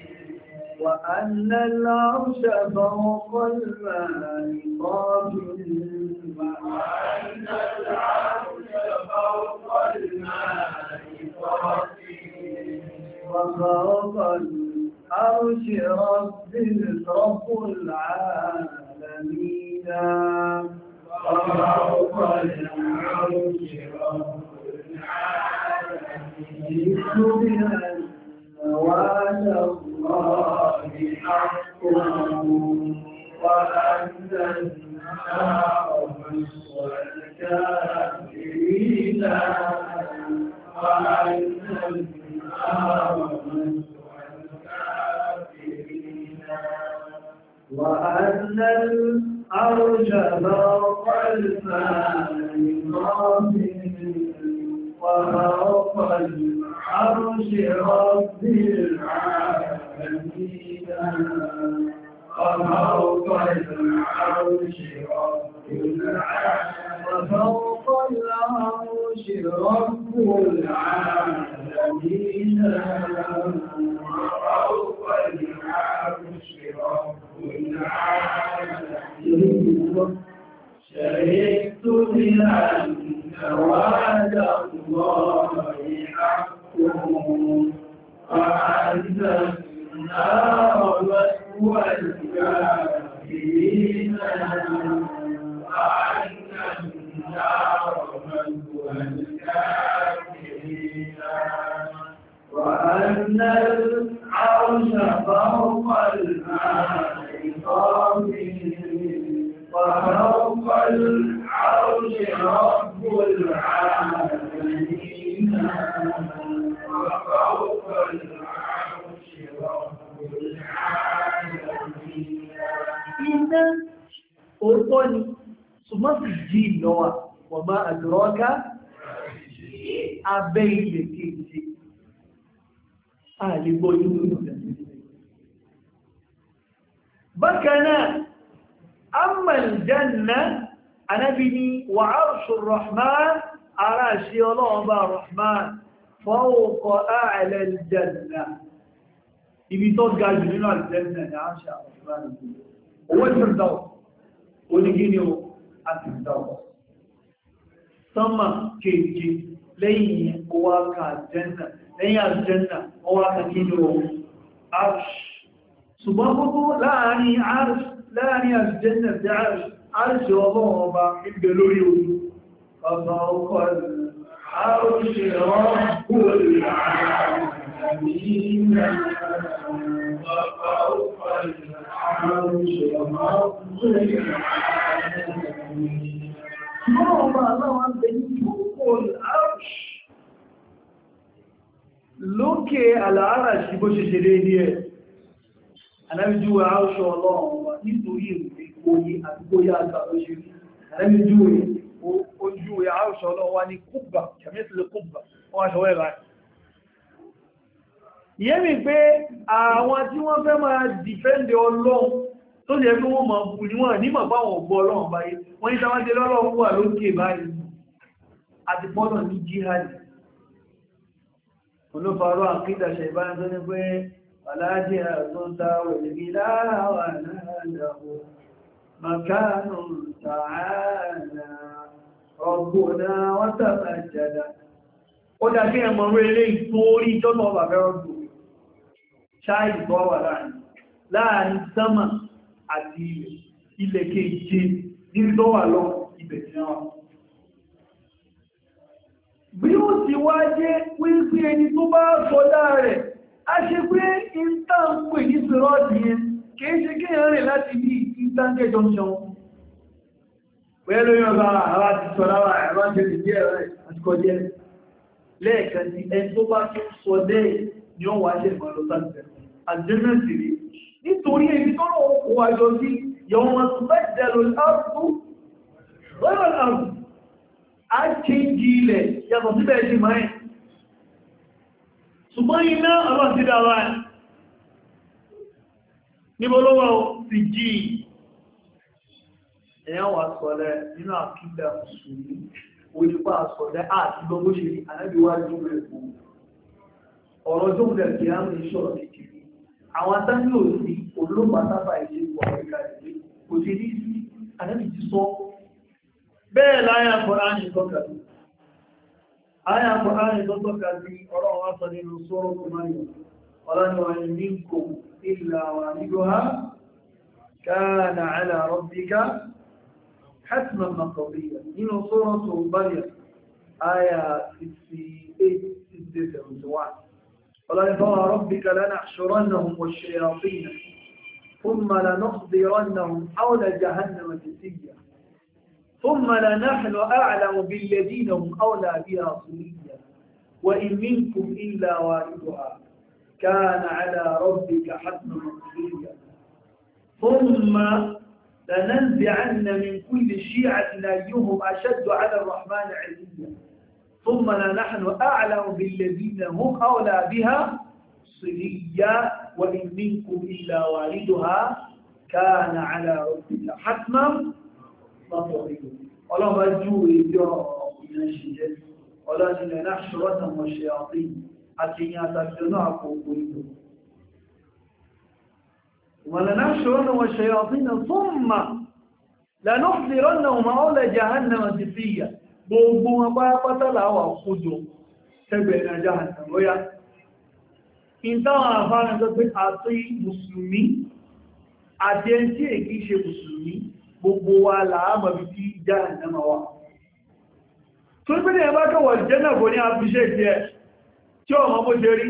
وأن العرش فوق الماء طاف وأن العرش فوق الماء وفوق العرش رب رب العالمين وفوق العرش رب العالمين فوعد الله حقه وأن النار مسوى الكافرين النار مسوى الكافرين وأن الأرج فوق الماء غافل عرش رب العالمين وفوق العرش رب العالمين وفوق العرش رب العالمين شهدت بأن وعد الله حق يعلمون وأعد النار مثوى الكافرين وأعد النار مثوى الكافرين وأن العرش فوق الماء وفوق العرش رب العالمين Iná òótọ́ ni, ṣùgbọ́n fi jí ìlọ́wà, wọ̀n máa àdúrọ́ká abẹ́ ilẹ̀ kéèkéé. Àlègbọ́ inú ìrìnlẹ̀. Bákanáà, Amman Janna, anábi ni, wà áàrùsùn Rahman, ara ṣe ọlọ́ọ̀bá Rahman, fọ́ọ̀kọ́ ààlẹ́ ìjẹ̀lẹ̀ ibi tó ga jù nínú àjẹ́lẹ̀ ní àṣà ọ̀sán owó ìfẹ́dọ̀ onígíní o àti ìdáwọ̀ sánmà kéèké lẹ́yìn owó aka àjẹ́lẹ̀ lẹ́yìn àjẹ́lẹ̀ owó aka kíní o arṣ ṣùgbọ́n gbogbo láàrin arṣ láàrin àjẹ́lẹ̀ عرش رب العالمين وفوق العرش رب العالمين اللهم اللهم انت فوق العرش lókè àlàárà sí bó ṣe ṣe déédé ẹ̀ alábíjúwẹ̀ aṣọ ọlọ́run wà nítorí ìrìnlẹ̀ ìgbóyí àti gbóyá àgbà ló ṣe rí alábíjúwẹ̀ ojú ẹ̀ àrùsọ ọlọ́wà ní kúbà kẹmísìlẹ̀ kúbà wọ́n aṣọ ẹ̀rà ìyẹ́ mi pé àwọn tí wọ́n fẹ́ máa dìfẹ́ndẹ̀ ọlọ́run tó jẹ́ pé wọ́n máa bù níwọ̀n nímọ̀ báwọn ọgbọ́ ọlọ́run báyé wọ́n ní sáwájẹ́ lọ́lọ́run wà lókè rọ̀gbọ̀nà wọ́n tàbí àjẹ́dà ó dàbí ẹmọ rẹ̀lẹ́ ìtorí jọ́nà ọba fẹ́rọ̀gbọ̀ ṣáàì tó wà láàrin láàrin sánmà àti ilẹ̀ keje níbi tó wà lọ ibẹ̀ náà bí ó ti wá jẹ́ wípé ẹni tó bá sọ́dá rẹ̀ a ṣe pé ìntàǹpè ní sọ́rọ̀ pẹ̀lú yọba àwọn àti sọ̀rọ̀wà ẹ̀rọ ṣe lè jẹ́ ẹ̀rọ àtikọjẹ́ lẹ́ẹ̀kan ni ẹni tó bá tún sọ dẹ́ ni ó wà ṣe ìmọ̀lọ́ sáàtẹ̀ àjẹ́mẹ́sì rí nítorí èyí tó lọ́wọ́ kò wá jọ sí yọ̀wọ̀n tó bá jẹ́ lọ láàrùn lọ́rọ̀ láàrùn á ṣe ń jí ilẹ̀ yàtọ̀ síbẹ̀ ṣe máa ń ṣùgbọ́n iná jí ẹ̀yàn wà sọ̀lẹ̀ nínú àkídà mùsùlùmí onípa sọ̀lẹ̀ àti gbogbo ṣe ànábíwájú rẹ̀ kò ọ̀rọ̀ tó ń dẹ̀kì á ní sọ̀rọ̀ kékeré àwọn adájú ò sí olóògbà sábà ìṣe ìwà ìka ìwé kò sí ní sí ànábì ti sọ bẹ́ẹ̀ láyà kọ́ra ní tọ́ka sí àyà kọ́ra ní tọ́ka sí ọ̀rọ̀ wa sọ nínú sọ́rọ̀ tó máa yọ ọ̀rọ̀ ní kò ìlà wà nígbò ha káà nà àlà حتما مقضيا إنه صورة مريم آية 68 قال الله ربك لنحشرنهم والشياطين ثم لنحضرنهم حول جهنم جثيا ثم لنحن أعلم بالذين هم أولى بها صليا وإن منكم إلا واردها كان على ربك حتما مقضيا ثم لننزعن من كل شيعة أيهم أشد على الرحمن عزيزا ثم نحن أعلم بالذين هم أولى بها صليا وإن منكم إلا والدها كان على ربك حتما مطرقا ولا مجوء من ìjọ ولا ṣìyẹ́ وشياطين حتى náà ṣọ́rọ́tàn ولنحشرنهم والشياطين ثم لنحضرنهم أولى جهنم جثيا gbogbo wọn bá pátálà wà kójò tẹgbẹ̀ ìrìnàjá àtàlóyá ìtàwọn àfáàrin tó pé àti mùsùlùmí àti ẹn tí èkí ṣe mùsùlùmí gbogbo wa làámọ̀bí tí já ìnáma wa tó gbé ní ẹbá kọwọ̀ jẹ́nàbò ní àfiṣẹ́ ìṣẹ́ tí ọmọ bó ṣe rí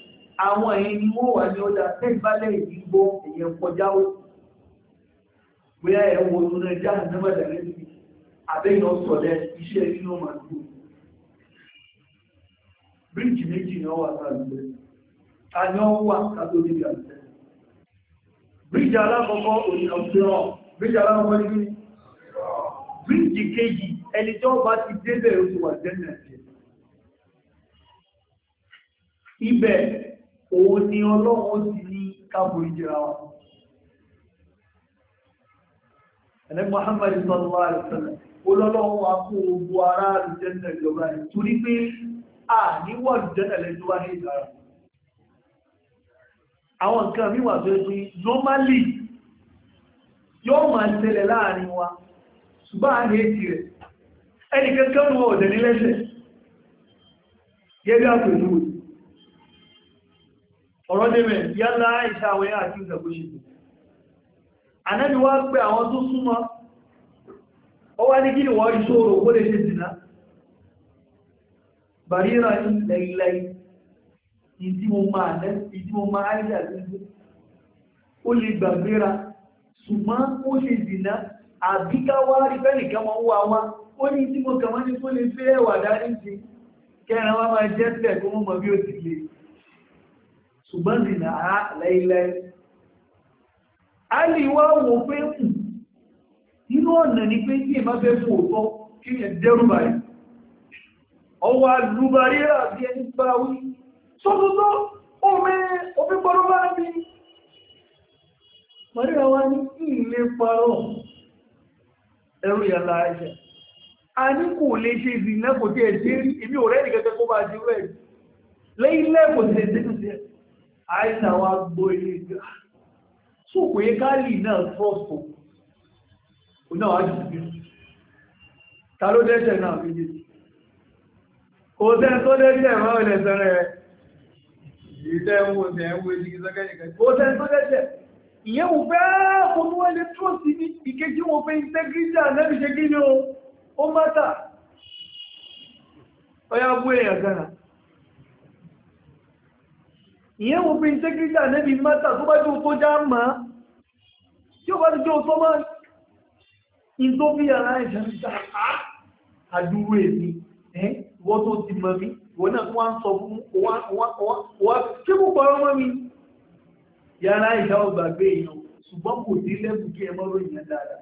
àwọn èyí ni wọ́n wà ní ọjà tẹ́ ìbálẹ̀ ìgbó èyẹ kọjá ó bóyá ẹ̀ wo ọdún rẹ̀ jáà ní ọjà rẹ̀ sí àbẹ́yìn ọ̀sọ̀lẹ̀ iṣẹ́ inú máa tó bíríjì méjì ni wọ́n wà sáàlùfẹ́ ta ni wọ́n wà kátó níbi àlùfẹ́ bíríjì alákọ̀ọ́kọ́ òyìnbó fẹ́ràn bíríjì alákọ̀ọ́kọ́ níbi bíríjì kejì ẹni tó bá ti débẹ̀ oṣù wà jẹ́ nàìjíríà ibẹ̀ òun ni ọlọ́run ti ní káàkiri jìra wa ẹ̀lẹ́ Muhammad sallallahu alaihi wasallam olọ́lọ́run wa kó ogbó ara àrùjẹ́nà ìjọba rẹ̀ torí pé a níwọ̀ àrùjẹ́nà lẹ́jọ́ wá ní ìdára àwọn nǹkan mi wà tó pé normally yóò máa ṣẹlẹ̀ láàrin wa ṣùgbọ́n a ètì rẹ̀ ẹnì kankan ọ̀dẹ̀ nílẹ́sẹ̀ gẹ́gẹ́ àpèjúwe ọ̀rọ̀ débẹ̀ yálà Àìṣà àwẹ́ àti ìgbàgbóṣèlú Ànábì wá pé àwọn tó súnmọ́ ó wá ní kí ni wọ́n ìṣòro ó lè ṣe dìná bàríra ilẹ̀-ilẹ̀ ìdí mo máa Àìṣà àti ó lè gbàgbéra ṣùgbọ́n ó lè dìná àbíkáwá rí fẹ́nìkan wọn wá wá ó ní tí mo kàwọn ní tó fẹ́ ṣùgbọ́n nìna láìlẹ́ alìwá wo pé mù hmm, nínú ọ̀nà ni pé tí ìbá fẹ́ fún òótọ́ kí ni ẹ̀dẹ́rùbà rẹ̀ ọwọ́ alùbárí àbí ẹni gbá wí sọ́tọ́tọ́ omi gbọ́rọ̀ bá rí maríra wá ní ilé parọ́ ẹrù yàlá ẹ̀ṣẹ̀ a ní kò lè ṣe ìrìnlẹ́kò tí ẹ̀ rí ibi ò rẹ́ nìkẹ́kẹ́ kó bá ti rẹ̀ lẹ́yìn tí ẹ̀ àìsà wa gbọ́ ilé ìgbà so kò yẹ káàlì náà fọ́ọ̀fọ́ kò náà wájú sí ta ló dẹ́ṣẹ̀ náà méjì kò sẹ́ tó dẹ́ṣẹ̀ máa ń lẹ́sẹ̀ rẹ̀ ìdẹ́ ẹ̀wọ̀n ọ̀sẹ̀ ẹ̀wọ̀n èdè ìsọ́kẹ́yìnkẹ́ kò sẹ́ tó dẹ́ṣẹ̀ ìyẹn wò fẹ́ kò tó wọlé tó sí ní ìkéjì wọn fẹ́ integrity ànábìṣe kí ni ó mátà ìyẹn wo bí integrity ànẹ́bí mẹ́ta tó bá jẹ́ tó já mọ́ tí ó bá ti jẹ́ tó mọ́ in tó bí ara ìjẹ́rìta àdúró èmi wọ́n tó ti mọ́ mi wọ́n náà tó wá ń sọ fún wọ́n tí kò pọ̀rọ̀ mọ́ mi yàrá ìjà ọgbàgbé èèyàn ṣùgbọ́n kò dé lẹ́bù kí ẹ mọ́rọ̀ ìyẹn dáadáa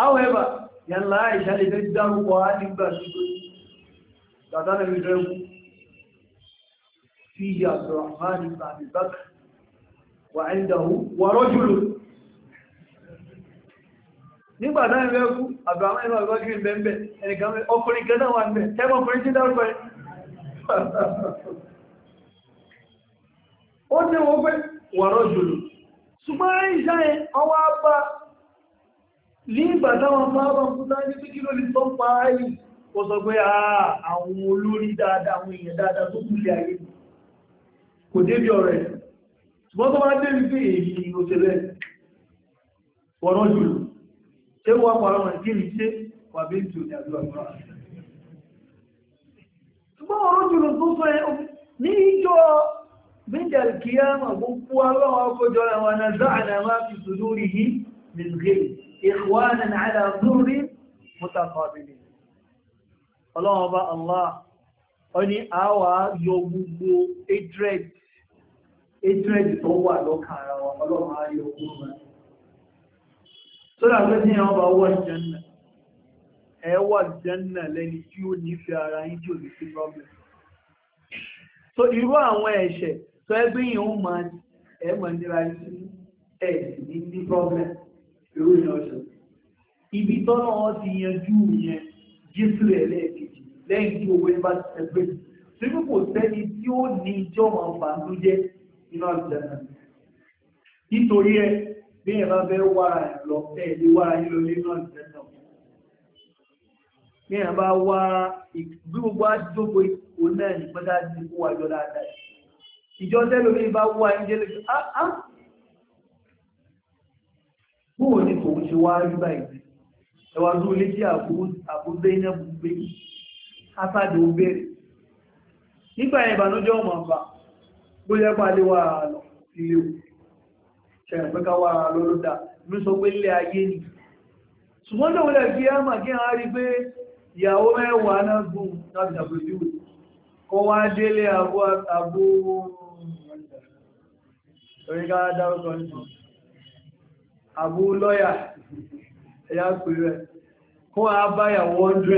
however yàrá ìjà lè fẹ́ dárúkọ á nígbà tó tó yìí tàtàlẹ́bí فيه عبد الرحمن بن أبي بكر وعنده ورجل nígbà náà ẹgbẹ́ ẹkú àbàmọ́ ìwọ̀n ìwọ́jú ìbẹ̀m̀bẹ̀ ẹnìkan ọkùnrin kẹta wà ń bẹ̀ tẹ́mọ̀ ọkùnrin tí dárúkọ ẹ̀ ní tó ń pa ó sọ pé àwọn kò débi ọ̀rẹ́ ṣùgbọ́n tó bá débi pé èyí ló tẹ́lẹ̀ wọ́nà jùlọ ṣé wọ́n pa àwọn ìkíni ṣe wà bí jù ní àdúrà fún wa ṣùgbọ́n ọ̀rọ̀ jùlọ tó sọ ẹ ní ìjọ bíjà kìíyàmà gbogbo aláwọ̀ akójọ àwọn nàzá àdàmà fi sùdúrì yìí min ghairi ikhwanan ala dhurri mutaqabilin ọlọ́wọ́ bá Allah ọ ní àwà yọ gbogbo hatred étrẹ́dì tó wà lọ́kàn ara wa ọlọ́run á yọ rẹ̀ sọ́dà pé ní àwọn bá wà ẹ wà jẹ́nà lẹ́ni tí ó nífẹ̀ẹ́ ara yín tí ò ní sí problem so irú àwọn ẹ̀ṣẹ̀ tó ẹgbẹ́ yìí ó máa ẹ mọ̀ níra sí ẹ̀ ní ní problem irú ìyẹn ọ̀ṣẹ̀ ibi tọ́nà wọn ti yanjú yẹn jésù rẹ̀ lẹ́ẹ̀kejì lẹ́yìn tí owó ẹgbẹ́ sí pé kò sẹ́ni tí ó ní ìjọ́ nínú àjẹ́nà nítorí ẹ bí ẹ bá bẹ́ wára ẹ̀ lọ ẹ̀lẹ́ wára yìí lọ nínú àjẹ́nà bí ẹ bá wá bí gbogbo àjọ́gbò ìkò náà ní pẹ́ta ti kó wájọ́ dáadáa ìjọ tẹ́lò bí bá wá ẹ̀jẹ́ lè fi áá bóò ní kò ń ṣe wá rí báyìí bó yẹ bá lè wà lọ ilé o ṣẹ̀rẹ̀ pé ká wà lọ ló dà mí sọ pé ilé ayé ni ṣùgbọ́n lọ́wọ́ lẹ́ fi ámà kí wọ́n rí pé ìyàwó mẹ́wàá náà gùn láti dàbò ìdíwò kọ́ wá délé àbú àbú orí ká dárúkọ nínú àbú lọ́yà ẹ̀yà pè kọ́ wá bá ìyàwó 100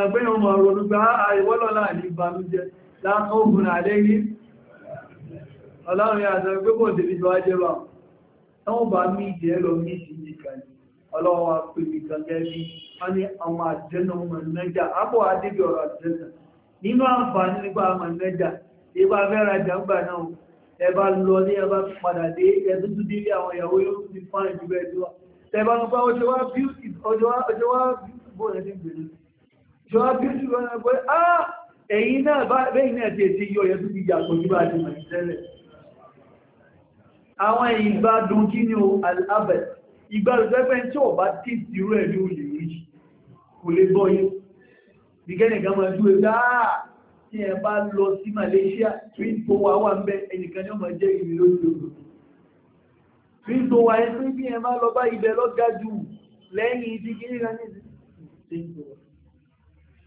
ẹ̀gbẹ́ ìwọ̀n mọ̀ ronú ní ìbànújẹ́ láàrín ògùn àdéyí ọlọ́run yàtọ̀ pé kò sí ìjọ ajẹ́bà tán bá mí ìdí ẹ̀rọ ní ìsinmi kan ọlọ́wọ́ pèmí gẹ́gẹ́ bí wọ́n ní àwọn àjẹ́nà ọmọ nẹ́jà àpò àdébí ọ̀rọ̀ àjẹ́nà nínú àǹfààní nípa ọmọ nẹ́jà ìbá fẹ́ra jàǹgbà náà ẹ bá lọ ní ẹ bá padà dé ẹ tó tún délé àwọn ìyàwó yóò ti fáìn jù bẹ́ẹ̀ bí ọjọ́ wá bí ẹ̀yìn náà bẹ́yìn náà ti ètí yọ ẹ̀tún ti yà pọ̀jú bá ti màí tẹ́lẹ̀ àwọn ìgbádùn kí ni o alábẹ̀ ìgbádùn tẹ́fẹ́ tí ó bá tí ti rú ẹ̀rí olè rí kò lè bọ́ yí nìkẹ́nìkan máa dúró dáa tí ẹ bá lọ sí Malaysia twin tó wà wà ń bẹ ẹnìkan ní ọmọ jẹ́ ìrìn lóṣooṣù twin tó wà ẹ tó bí ẹ bá lọ bá ibẹ̀ lọ́gájú lẹ́yìn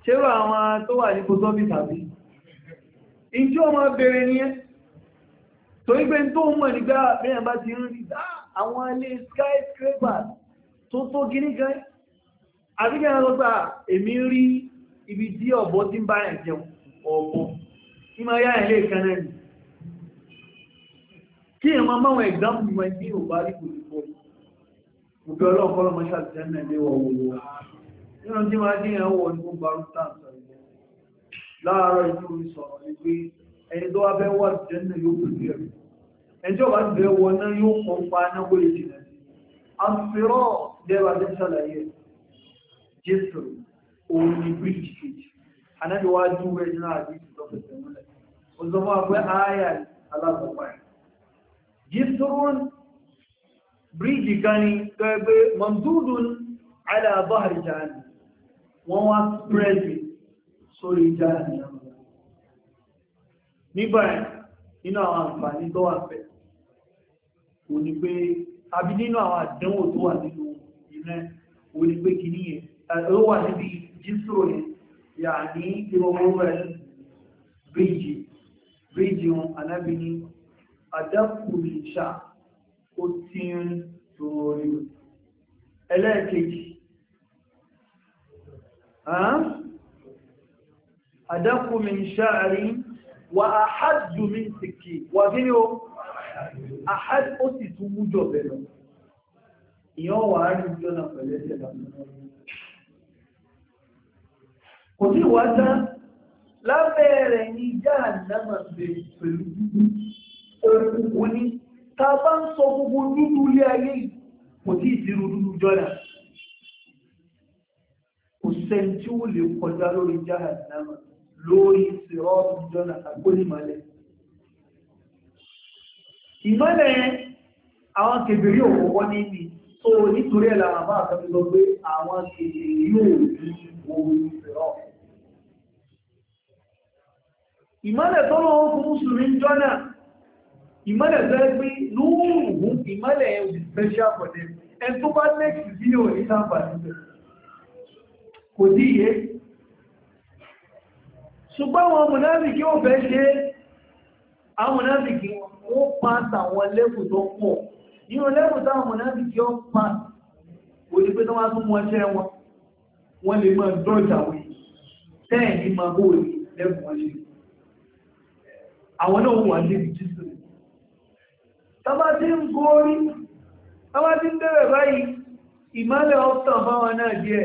ṣérò àwọn tó wà ní kòtọ́bì tàbí ìjọ ọmọ bèèrè ní ẹ́ torí pé tó mọ̀ nígbà ah, mẹ́rin bá ti ń rí ah, àwọn alẹ́ skyscraper tó tó gíní kan àbíkẹ́ ọlọ́gbà ah, èmi rí ibi tí ọ̀bọ tí ń bá rẹ̀ jẹun ọ̀bọ tí máa yá ilé kan náà ni kí èèmọ máwọn ẹ̀gbámù wọn tí ò bá rí kò sí nínú tí máa dín ẹ̀wọ̀ ní gbogbo arúgbó láàárọ̀ ìlú ìsọ̀rọ̀ ni pé ẹni tó wá bẹ́ wà jẹ́nà yóò pẹ̀lú ẹ̀rù ẹjọ́ bá ti bẹ́ wọ náà yóò kọ́ pa náà wọlé jìnà sí àfihàn dẹ́wà tẹ́ sàlàyé jésù òun ni bíríkì kejì anábíwá dúró ẹni náà àbí ìtọ́fẹ̀sẹ̀ múlẹ̀ ó wọ́n wá pírẹ́sì sórí ìjà ìyàwó nígbà ẹ̀ nínú àwọn àǹfààní tó wà fẹ́ kò ní pé àbí nínú àwọn àdánwò tó wà nínú iná kò ní pé kìíní yẹn ó wà níbi jísòrò yẹn yà ní ìrọ̀wọ́ rẹ̀ àdákù mi ń ṣáàrí wà áhàjù mi ń sìkì wà kí ni ó àhàjù ó sì tún mú jọ bẹ̀rẹ̀ ìyàn wà á rí jọ́nà pẹ̀lẹ́sẹ̀ kò sí ìwádá lábẹ́ẹ̀rẹ̀ ní jáàdámà pẹ̀lú òkùnkùn ni ta bá ń sọ gbogbo dúdú ilé ayé kò sí ìdírò dúdú jọ́nà sẹ́ni tí ó lè kọjá lórí jahannama lórí sírọ́ọ̀tù jọ́nà àgbónímọ̀lẹ̀ ìmọ́lẹ̀ àwọn kèbèrè òwọ́ níbi tó nítorí ẹ̀lá àmà àtàbílọ pé àwọn kèbèrè yóò ní oòrùn sírọ́ọ̀tù ìmọ́lẹ̀ tó lọ́wọ́ fún mùsùlùmí special for them ẹn tó bá next kò díye ṣùgbọ́n wọn mùnáfìkì ó fẹ́ ṣe àwọn mùnáfìkì ó pàtà àwọn lẹ́kùn tó pọ̀ nínú lẹ́kùn táwọn mùnáfìkì ó pa kò ní pé tó wá tún wọn ṣẹ́ wọn wọ́n lè máa dọ́jà wí tẹ́ẹ̀ ní máa wọn náà jẹ́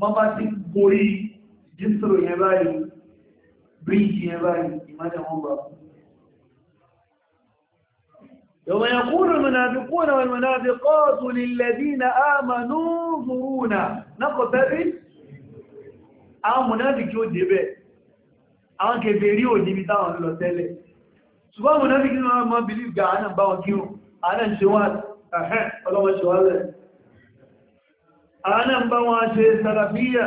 mọ́bá tí ń gorí jísòrò yẹn báyìí bíríjì yẹn báyìí ìmájà wọn bá fún يوم يقول المنافقون والمنافقات للذين آمنوا انظرونا نقتبس àwọn mùnáfíkí ó débẹ̀ àwọn kèfèrí ò níbi táwọn lọ tẹ́lẹ̀ ṣùgbọ́n mùnáfíkí ní wọ́n mọ́ believe ga àánà bá wọn kírùn àánà ṣe wọ́n lẹ̀ àánà bá ṣe sàràfíyà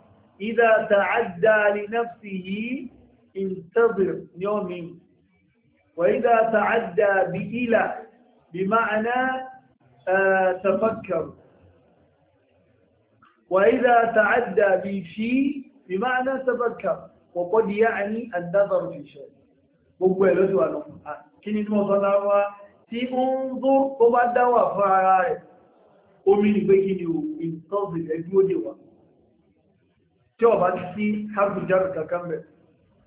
إذا تعدى لنفسه انتظر يوم وإذا تعدى بإلى بمعنى آه تفكر وإذا تعدى بشيء بمعنى تفكر وقد يعني النظر في شيء gbogbo له lójú àlọ́ kí ni mọ́ sọ láwá tí انتظر ń dó tí ọba sí harbujar kankan bẹ̀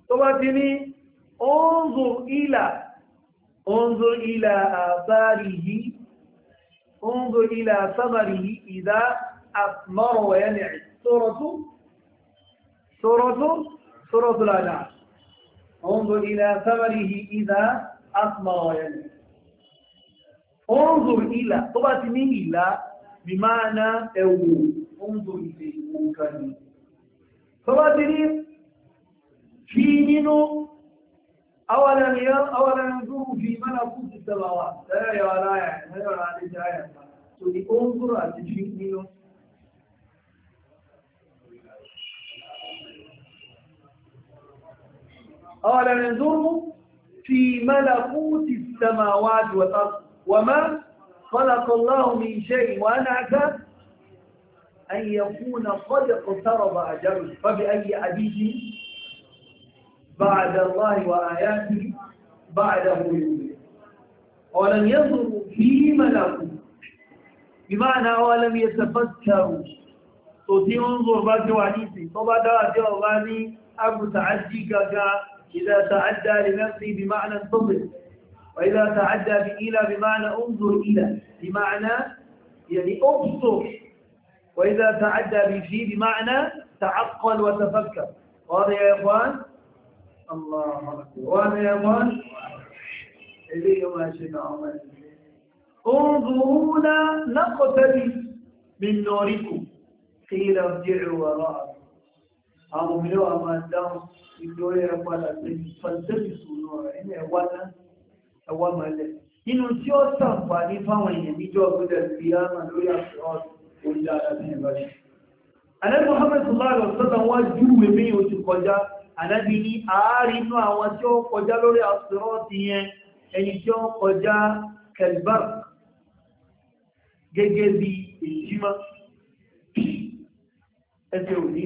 tó bá ti ní oúnzò ilà oúnzò ilà àbárí yìí oúnzò ilà sábàrí yìí ìdá àmọ́rọ̀ ẹni sọ́rọ̀tú sọ́rọ̀tú sọ́rọ̀tú lára oúnzò ilà sábàrí yìí ìdá àmọ́rọ̀ ẹni oúnzò ilà tó bá ti ní ìlà bí máa ná ẹwò oúnzò ilẹ̀ ìwò kan yìí فواترين في منو أولا يرى أولا ينظروا في ملكوت السماوات لا يا لا يا لا يرى ليس آية انظروا انظر أتجيب منو أولا ينظروا في ملكوت السماوات والأرض وما خلق الله من شيء وأنا أكثر أن يكون قد اقترب أجله فبأي حديث بعد الله وآياته بعده يؤمن ولم يضر في ملكه بمعنى ولم يتفكروا تؤتي انظر بعد وعديثي طبعا دعاتي أغاني أبو تعديك إذا تعدى لنفسي بمعنى انتظر وإذا تعدى إلى بمعنى انظر إلى بمعنى يعني أبصر وإذا تعدى بفي بمعنى تعقل وتفكر واضح يا إخوان الله أكبر واضح يا إخوان إليهما شفاعة انظرونا نقتبس من نوركم قيل ارجعوا وراءكم أو من يوم أمان داون يقول يا إخوان فالتبسوا نورا إن إخوانا أوام الله إنه سيوسف فاني فاني يعني يجوا قدر القيامة لولا الصراط orí dáadáa sí ìbá ṣe. Ànábì Muhammad sallallahu alaihi wasallam wọ́n júwe bí o ti kọjá, ànábì ní ààrin inú àwọn tí ó kọjá lórí àsírọ́ọ̀tì yẹn, ẹni tí ó kọjá kẹlbar gẹ́gẹ́ bí èyíjímá. Ẹgbẹ́ òní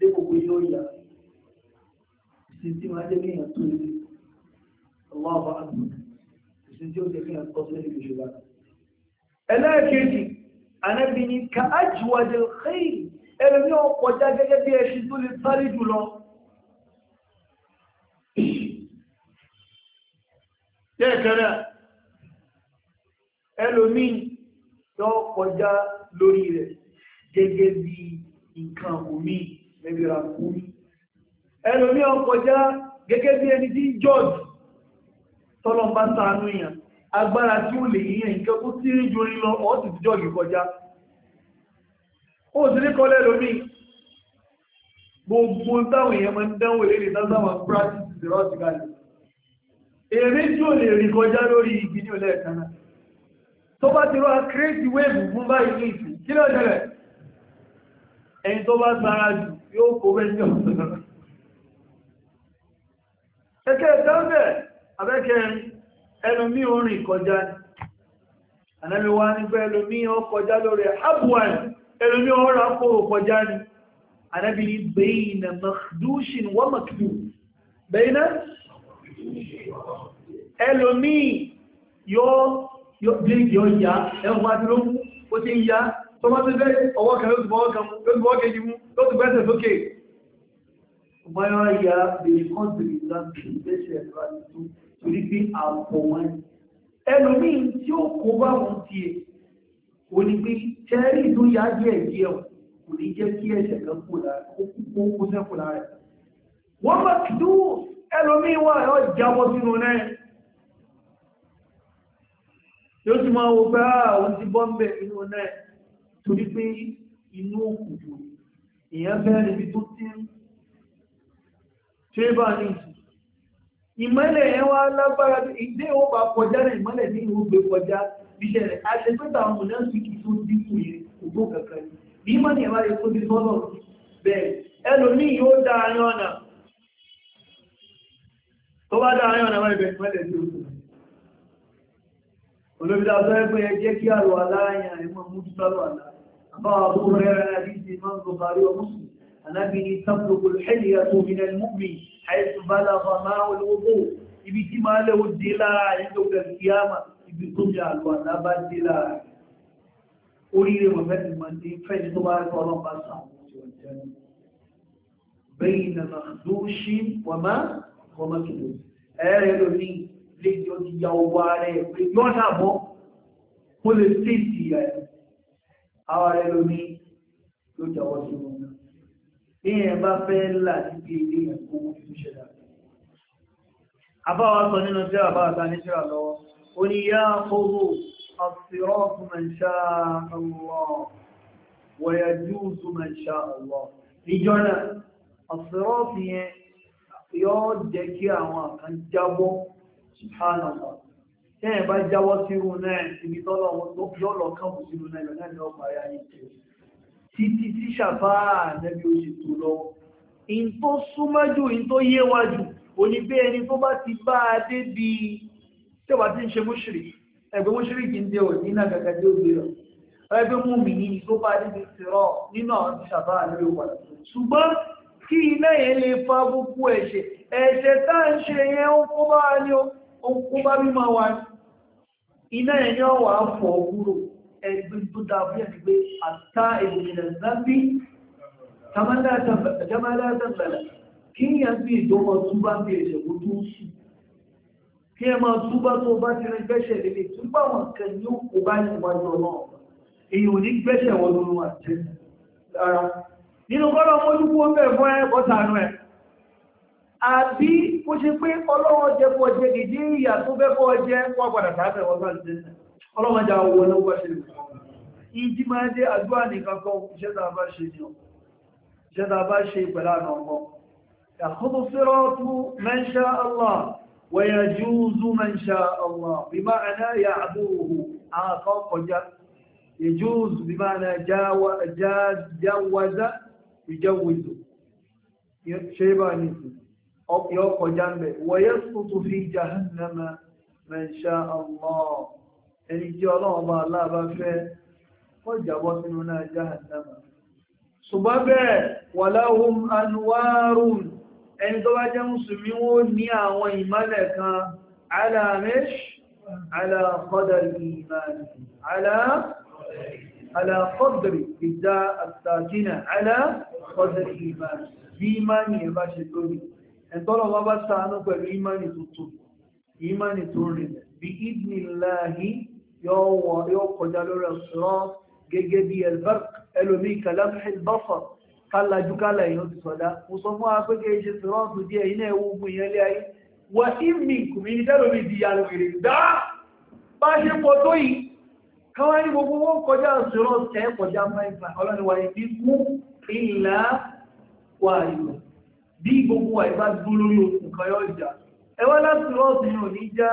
dé gbogbo yóò yà. Ìsìntí máa jẹ́ anábì ní ká ájúwájú xeyì ẹlòmí ọkọjá gẹ́gẹ́ bí ẹṣin tó lè sáré jùlọ tẹ́ẹ̀kẹ́rẹ́ ẹlòmí tó kọjá lórí rẹ̀ gẹ́gẹ́ bí nǹkan omi mẹ́bíra kúrú ẹlòmí ọkọjá gẹ́gẹ́ bí ẹni tí jọ́ọ̀dù tọ́lọ́mbá sánú èèyàn agbára tí ó lè yíyàn nǹkan tó tí rí jorí lọ ọ́ ti jọ́ yìí kọjá ó ti ní kọ́lẹ̀ lómi gbogbo táwọn èèyàn máa ń dánwò léde tásáwà practice the rot galley èrè tí ó lè rí kọjá tó bá crazy wave fún báyìí ní ìsìn kí ló jẹ́rẹ̀ ẹni tó bá sára jù yóò kó bẹ́ẹ̀ ọ̀sán ẹ̀kẹ́ ìtàn bẹ́ẹ̀ abẹ́kẹ́rin ẹlòmí orin kọjá ànábì wá nígbà ẹlòmí ọ kọjá lórí abuwan ẹlòmí ọ̀rọ̀ akó kọjá ni ànábì ní bẹ́yìnà makdúshin wọ́n makdú bẹ́yìnà ẹlòmí yóò bíríkì ọjà ẹwọ́n àti ló mú ó ti ń ya tó bá ti fẹ́ ọwọ́ kan ló ti bọ́ kejì mú ló ti gbẹ́sẹ̀ sókè Wọ́n yọ́ ya bèèrè kọ́ndìrì láti ìgbésẹ̀ ìrọ̀ àti tó torí pé àpọ̀ wọn ẹlòmíì tí ó kó bá wọn ti ẹ̀ ò ní pé tẹ́rì tó yá díẹ̀ díẹ̀ kò ní jẹ́ kí ẹ̀ṣẹ̀ kan kó sẹ́kù lára wọ́n bá kìdú ẹlòmíì wà yọ jábọ́ sínú náà yóò ti máa wo pé àwọn ah, ti bọ́ ń bẹ̀ inú náà torí pé inú òkùnkùn èèyàn fẹ́ níbi tó ti ń ṣe bá ní ìsìn ìmọ́lẹ̀ yẹn wá lágbára ìdé ó bá kọjá náà ìmọ́lẹ̀ ní ìwò gbé kọjá iṣẹ́ rẹ̀ àṣepẹ́ta àwọn ọmọdé ń sìkì tó dínkù yẹn ògbó kankan ní ìmọ̀ ní ẹ̀bá yẹn tó ti sọ́nà bẹ́ẹ̀ ẹlòmíì yóò dá ayán ọ̀nà tó bá dá ayán ọ̀nà wọ́n ibẹ̀ ìmọ́lẹ̀ ní oṣù olóbi dá أنا بني تبلغ الحلية من المؤمن حيث بلغ ماء الوضوء يبتي ما له الدلاء عندك القيامة يبتم يا الوضع بالدلاء أريد مفاد المنزل فإن تبارك الله قال صحبه والجنة بين مخدوش وما ومكدوش أيها الأولين لديو دي يوواري يوانا بو كل السيسي يعني أيها الأولين يوجد وزنو bí yẹn bá fẹ́ là níbi ilé yẹn kó ìṣẹ́ dà. àbáwá sọ nínú tí àbá àta ní síra lọ́wọ́ ó ní yá kóró الصراط من شاء الله ويجوز من شاء الله ìjọ́nà àṣírọ́fì yẹn yóò jẹ́ kí àwọn kan jábọ́ ṣùgbọ́nàmọ́ tí ẹ̀ bá jábọ́ sírú náà títí tí ṣàfá ànẹ́bí ó ṣe tó lọ in tó súnmọ́jú in tó yéwájú o ní pé ẹni tó bá ti bá a dé bí tẹ́wà tí ń ṣe mọ́ṣírí ẹgbẹ́ mọ́ṣírí kì í dé òní náà kàkà dé òbí ẹgbẹ́ mú mi ní tó bá dé bí tìrọ nínú àwọn ṣàfá fa gbogbo ẹ̀ṣẹ̀ ẹ̀ṣẹ̀ tá ń ṣe yẹn ó kó bá ní ó kó wa iná yẹn yóò wà ẹgbẹ́ tó dáa fún ẹni pé àtà ìgbìmọ̀ zambi jamala tambala kí ni a fi ìjọba túbá bí ẹ̀ṣẹ̀ kó tó sùn kí ẹ máa túbá tó bá ti rẹ gbẹ́ṣẹ̀ lè túbá wọn kẹ ní òkú bá ní ìwájú ọ̀nà èyí ò ní gbẹ́ṣẹ̀ wọn lórí wọn àti ara nínú kọ́lọ́ mọ́lúkú ó bẹ̀ fún ẹ bọ́sànú ẹ̀ àbí kó ṣe pé ọlọ́wọ́ jẹ́ fọ́ jẹ́ ìdí ìyà tó bẹ́ fọ́ jẹ́ wọ́n padà sáfẹ́ wọ́n sáré ọlọ́mọdá owó lọ́wọ́ ṣe lè mọ̀ ìjí máa dé àdúrà nìkan kan iṣẹ́ tàà bá ṣe ní ọkọ̀ iṣẹ́ tàà bá ṣe pẹ̀lá àná ọkọ̀ yàkóbó fẹ́rọ́tú mẹ́ṣá allah wẹ̀yà júúzú mẹ́ṣá allah bí máa ná yà àbúrò àwọn kan kọjá يجوز بمعنى جاوز يجوز شيء بانيس أو يوقع جنبه ويسقط في جهنم من شاء الله ẹni jẹ́ ọlọ́run bá aláàbá fẹ́ wọ́n jàbọ́ sínú náà jahannama ṣùgbọ́n bẹ́ẹ̀ wà láhùn anúwárùn ẹni tó bá jẹ́ mùsùlùmí wọ́n ní àwọn ìmọ́lẹ̀ kan alamesh alakọ́dàrí ìmọ̀lẹ̀ alakọ́dàrí ìdá àtàkínà alakọ́dàrí ìmọ̀lẹ̀ bí ìmọ̀lẹ̀ ẹ̀ bá ṣe lórí ẹ̀tọ́lọ̀ wọ́n bá ṣàánú pẹ̀lú ìmọ̀lẹ̀ tuntun ìmọ̀lẹ̀ tó rìn bí ìdínláhìí yóò wọ yóò kọjá lórí ọ̀sán gẹ́gẹ́ bí elberg ẹlòmí kàlámì bọ́fọ̀ kálájú kálá èèyàn ti sọ̀dá mo sọ fún wa pé kí n ṣe sọ̀rọ̀ǹtù díẹ̀ iná ẹ̀wọ̀ ogun ìyẹn lé ayé wọ́n ti mì kùmí dẹ́lómi di àlùfèrè dá bá ṣe pọ̀ tó yìí káwọn ní gbogbo wọn kọjá sọ̀rọ̀ǹtù ẹ̀ kọjá máìfà ọlọ́run wa ìdí kú ìlà wà bí gbogbo àìbá dúró lórí kan yóò jà ẹ láti rọ́ọ̀sì yìí ní já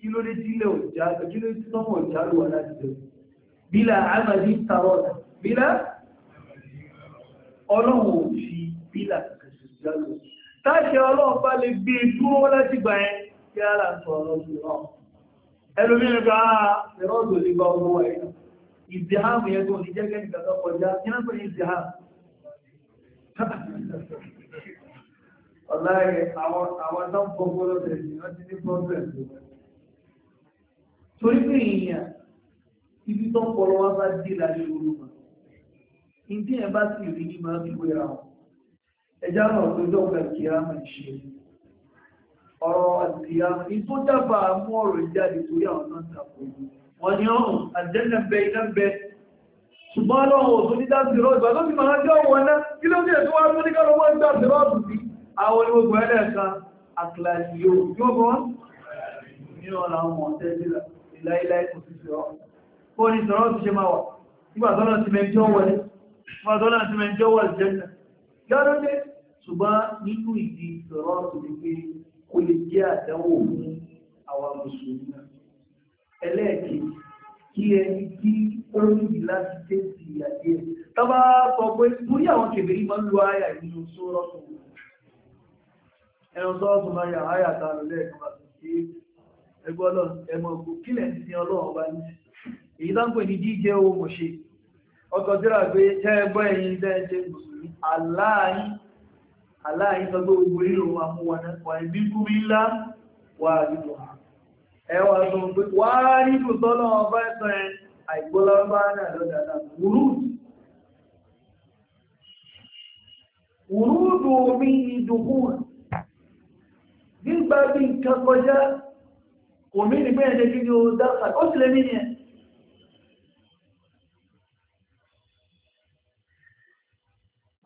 kí ló dé tí sọ́mọ̀ ìjálù wà láti lọ bílá àmàdí tàrọ́dà bílá ọlọ́run fi bílá kẹsì ìjálù táṣẹ ọlọ́run bá lè gbé e dúró láti gbà ẹ́ kí á láàtọ̀ ọlọ́run náà ẹlòmíràn bá ah, ẹ̀rọ́dò lè gba ọmọ ẹ̀ ìdíhàmù yẹn tó ní jẹ́gẹ́ nìkan tó kọjá kí náà pẹ̀lú ìdíhàmù ọ̀láyẹ̀ àwọn tán fọ́gbọ́lọ́dẹ̀ ni wọ́n ti ní pọ́blẹ̀ torí pé èèyàn ibi tó ń pọ̀rọ̀ wá bá dé láyé olùmọ̀ ìdí ẹ̀ bá sì rí ní máa fi wéra wọn ẹjá náà tó dọ́gba kí á máa ṣe ọ̀rọ̀ àti àwọn ìtó dábàá mú ọ̀rọ̀ ìjáde torí àwọn náà tàbí wọn ni ọ̀hún àjẹ́nàbẹ ìlẹ́bẹ ṣùgbọ́n lọ́wọ́ tó ní dáṣìrọ́ ìgbà tó ti máa jọ wọn náà àwọn oníwògbò ẹlẹ́ẹ̀kan láíláí kò sí ṣọ́ kó ní sọ̀rọ̀ ti ṣe máa wà nígbàtọ́nà ti mẹjọ́ wọlé nígbàtọ́nà ti mẹjọ́ wọlé jẹ́nà lọ́dọ́dẹ́ ṣùgbọ́n nínú ìdí sọ̀rọ̀ tó ní pé kó lè jẹ́ àdánwò fún àwọn mùsùlùmí náà ẹlẹ́ẹ̀kì kí ẹni tí ó ń yìí láti tẹ́sí àdé tọ́bá sọ pé torí àwọn kèbèrè máa ń lo àyà ìlú ẹgbẹ́ ọlọ́run ẹmọ òkú ní ọlọ́run ọba ní èyí tó pè ní jíjẹ́ owó mo ṣe pé tẹ́ ẹgbọ́ ẹ̀yin mùsùlùmí aláàyín aláàyín sọ pé gbogbo wa mú náà wà ńlá wà nínú ẹ wà sọ pé wà náà lọ́dà náà omi ìdùnkù bí nǹkan kọjá kò ní ní bẹ́ẹ̀ lẹ́gbẹ́ ní o dáta ó sì lè ní yẹn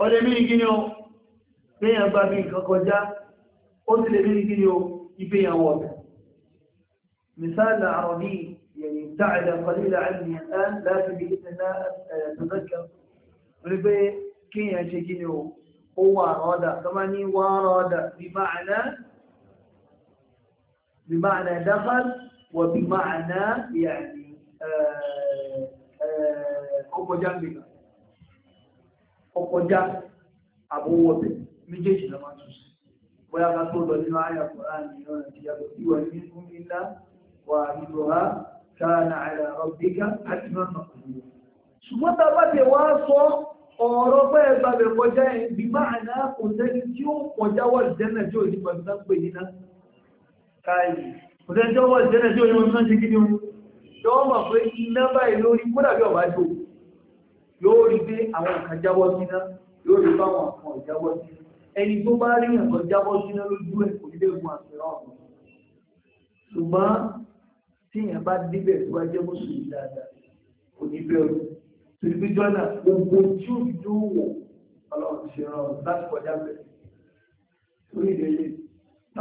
ó lè mìí gíní o bẹ́yàn bá bí nǹkan ó sì lè mìí gíní o ìbẹ́yàn wọ̀bẹ̀ مثال عربي يعني ابتعد قليل عني الآن لكن بإذن الله أتذكر ربي كي يجي هو أراد كمان وأراد بمعنى بمعنى دخل وبمعنى يعني ọkọjá gbèkà ọkọjá àbúwọ̀bẹ̀ méjèèjì lọ máa tún sí bóyá ká tó lọ nínú àyà kọ̀ọ̀rán ní ọ̀nà tí yàtọ̀ sí wà ní fún ilá wà nínú ha káàna àyà ọ̀gbẹ́gá àti mọ́nà ṣùgbọ́n tá a bá ti wá sọ ọ̀rọ̀ pé ẹgbàgbẹ̀ kọjá yẹn bí máa náà kò sẹ́ni tí ó kọjá wà lùdẹ́nà tí ò ní pàtàkì pè nínú káyì kò tẹ́ tí ó wọ́n ìṣẹ́lẹ̀ tí ó yíwọ́n tán ṣe kíni tí wọ́n mọ̀ pé iná báyìí lórí kó dàbí ọ̀bá jò yóò rí pé àwọn nǹkan jábọ́ síná yóò rí bá wọn àwọn ìjábọ́ sí ẹni tó bá rí nǹkan jábọ́ síná lójú ẹ̀ kò nílé gun àṣírà ọ̀run ṣùgbọ́n tí èèyàn bá débẹ̀ tó bá jẹ́ mùsùlùmí dáadáa kò ní bẹ̀rù torí pé jọ́nà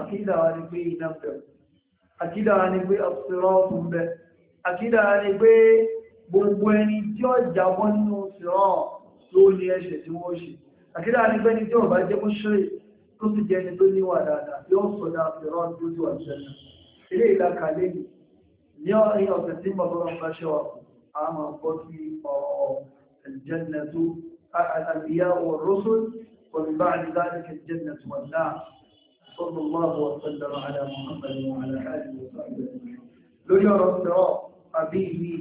àkídà wa ni pé iná ń bẹ àkídà wa ni pé ọ̀sẹ̀rọ̀ọ̀tù ń bẹ àkídà wa ni pé gbogbo ẹni tí ó jábọ́ nínú sírọ̀ ló ní ẹ̀ṣẹ̀ tí wọ́n ṣe àkídà wa ni pé ẹni tí ó bá jẹ́ mú ṣe tó sì jẹ́ ẹni tó níwà dáadáa yóò sọ̀dá sírọ̀ tó ti wà والرسل ومن ذلك الجنة والنار صلى الله وسلم على محمد وعلى آله وصحبه لو يرى الصراع àbí ìwé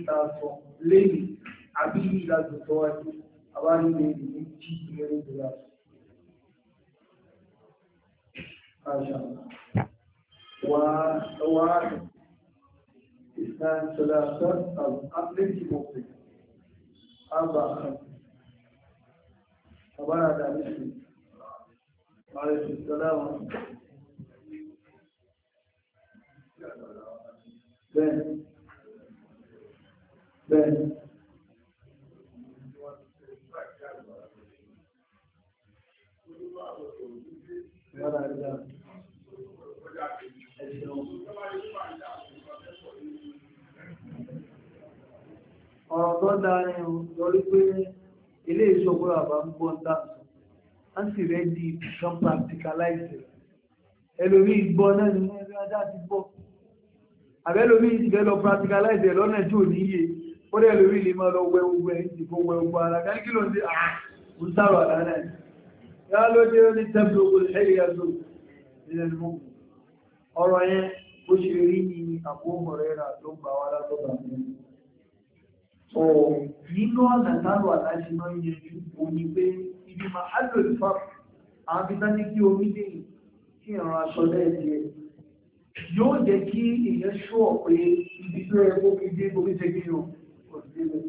لي lẹ́yìn لا ìlàjò tó من àwárí lẹ́yìn ní ما شاء الله àṣà نعم. وواحد اثنان ثلاثة أربعة ليس مطلق أربعة خمسة أبانا تعليم عليه السلام bẹ́ẹ̀ bẹ́ẹ̀ ọ̀rọ̀ tó dáni o lórí pé ilé ìṣòkúrò àbá ń gbọ́ ń dáàtọ̀ a sì rẹ̀ di ìtìkan practicalize ẹlòmí ìgbọ́ náà ni wọ́n rí ọjá ti gbọ́ àbẹ́lómi ìtìlẹ́ lọ practicalize ẹ̀ lọ́nà tí ò níye ó dẹ̀ lórí ilé máa lọ wẹ ogun ẹ̀ ti kó wẹ ogun ara gáríkì ló ń dé àà ah, ń sàrò àlá náà yá ló dé ní tẹ́bù ogun ẹ̀rí yàtọ̀ nílẹ̀ mú ọ̀rọ̀ yẹn bó ṣe rí ni àbúrò rẹ̀ rà ló gbà wá látọ̀gbà mi ọ̀ nínú ọ̀nà sàrò àlá yóò jẹ́ kí èèyàn ṣọ́ pé ibi tó yẹ kó fi dé orí ṣe kí o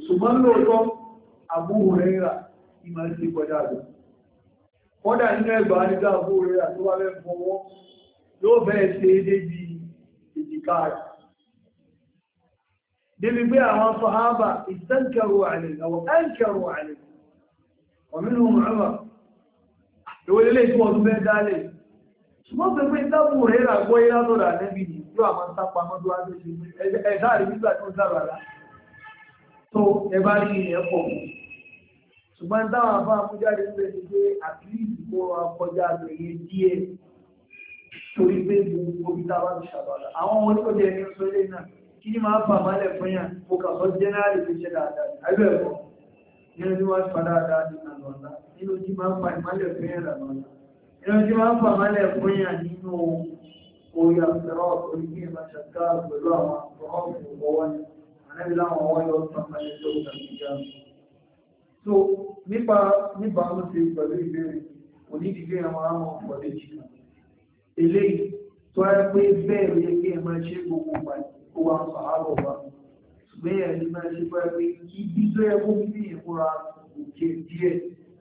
ṣùgbọ́n lóòótọ́ àbúrò rẹ̀ rà ìmọ̀ sí kọjá rẹ̀ kọ́dà nínú ẹgbà nígbà àbúrò rẹ̀ tó wá fẹ́ fọwọ́ yóò bẹ́ẹ̀ ṣe débi èjìká ṣùgbọ́n pé pé dábò rẹ̀ rà gbọ́ yẹ́ látọ̀dọ̀ àlẹ́bí ni yóò àmọ́ sápa mọ́tò wá lóṣù ẹ̀dá rẹ̀ nígbà tó dára rà tó ẹ bá rí ìyẹn pọ̀ ṣùgbọ́n táwọn ni pé àtìlísì kó akọjá àgbẹ̀yẹ díẹ̀ torí pé gbogbo bí táwa ti ṣàbàlà àwọn oníkọ̀jẹ̀ ẹni sọ ilé náà kí ni máa bà mọ́lẹ̀ fún yàn kó kà sọ jẹ́nẹ́rì fi ṣe dáadáa ẹgbẹ́ ẹ̀kọ́ nínú tí wọ́n ti padà dáadáa nínú àlọ́ ìran tí wọ́n pàmálẹ̀ fún yà nínú orí àpẹẹrọ orí kí ìmọ̀ ṣàkà pẹ̀lú àwọn àpọ̀ọ́pù ọwọ́ ni ànẹ́bí láwọn ọwọ́ so nípa nípa ló ṣe pẹ̀lú ìbéèrè onídìgbé àwọn àmọ́ ọ̀pọ̀lẹ́ jìkà eléyìí tó ẹ pé bẹ́ẹ̀ ló yẹ kí ẹ máa ṣe gbogbo ìgbà kó wa ń sàárọ̀ wa ṣùgbọ́n ẹ̀ ní máa ṣe pẹ́ pé kí bí tó yẹ kó ìfúra òkè díẹ̀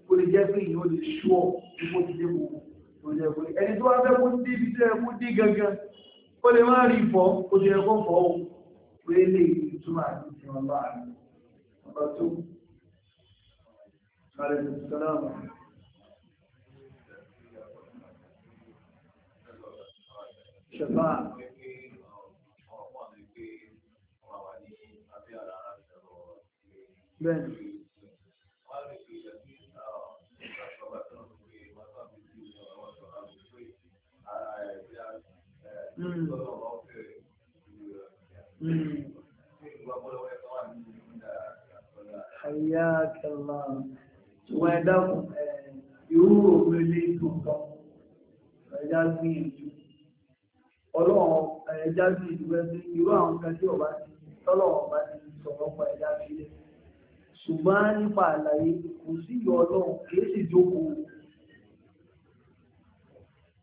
kó lè jẹ́ pé ìyẹn lè ṣúọ̀ nípò ti dé ẹni tó wá fẹ́ kó dí ibi tẹ́ kó dí gangan ó lè má rí fọ́ ó ṣe ẹ̀kọ́ fọ́ ó pé lè túmọ̀ àti ti bá rí ọba tó sáré tó sọ́nà bẹ́ẹ̀ Àyáàkà máa wọ́n ẹ̀dàkùn ìrú òmìnirí tó kọ́. Ẹja gbìyànjú. Ọlọ́run ẹja gbìyànjú ẹgbẹ́ irú àwọn kan tí ọba ti tọ́lọ̀wọ̀n bá ti sọ̀rọ̀ pa ẹja sílẹ̀. Ṣùgbọ́n nípa àlàyé kò sí ìyọ ọlọ́run kìí sì jókòó.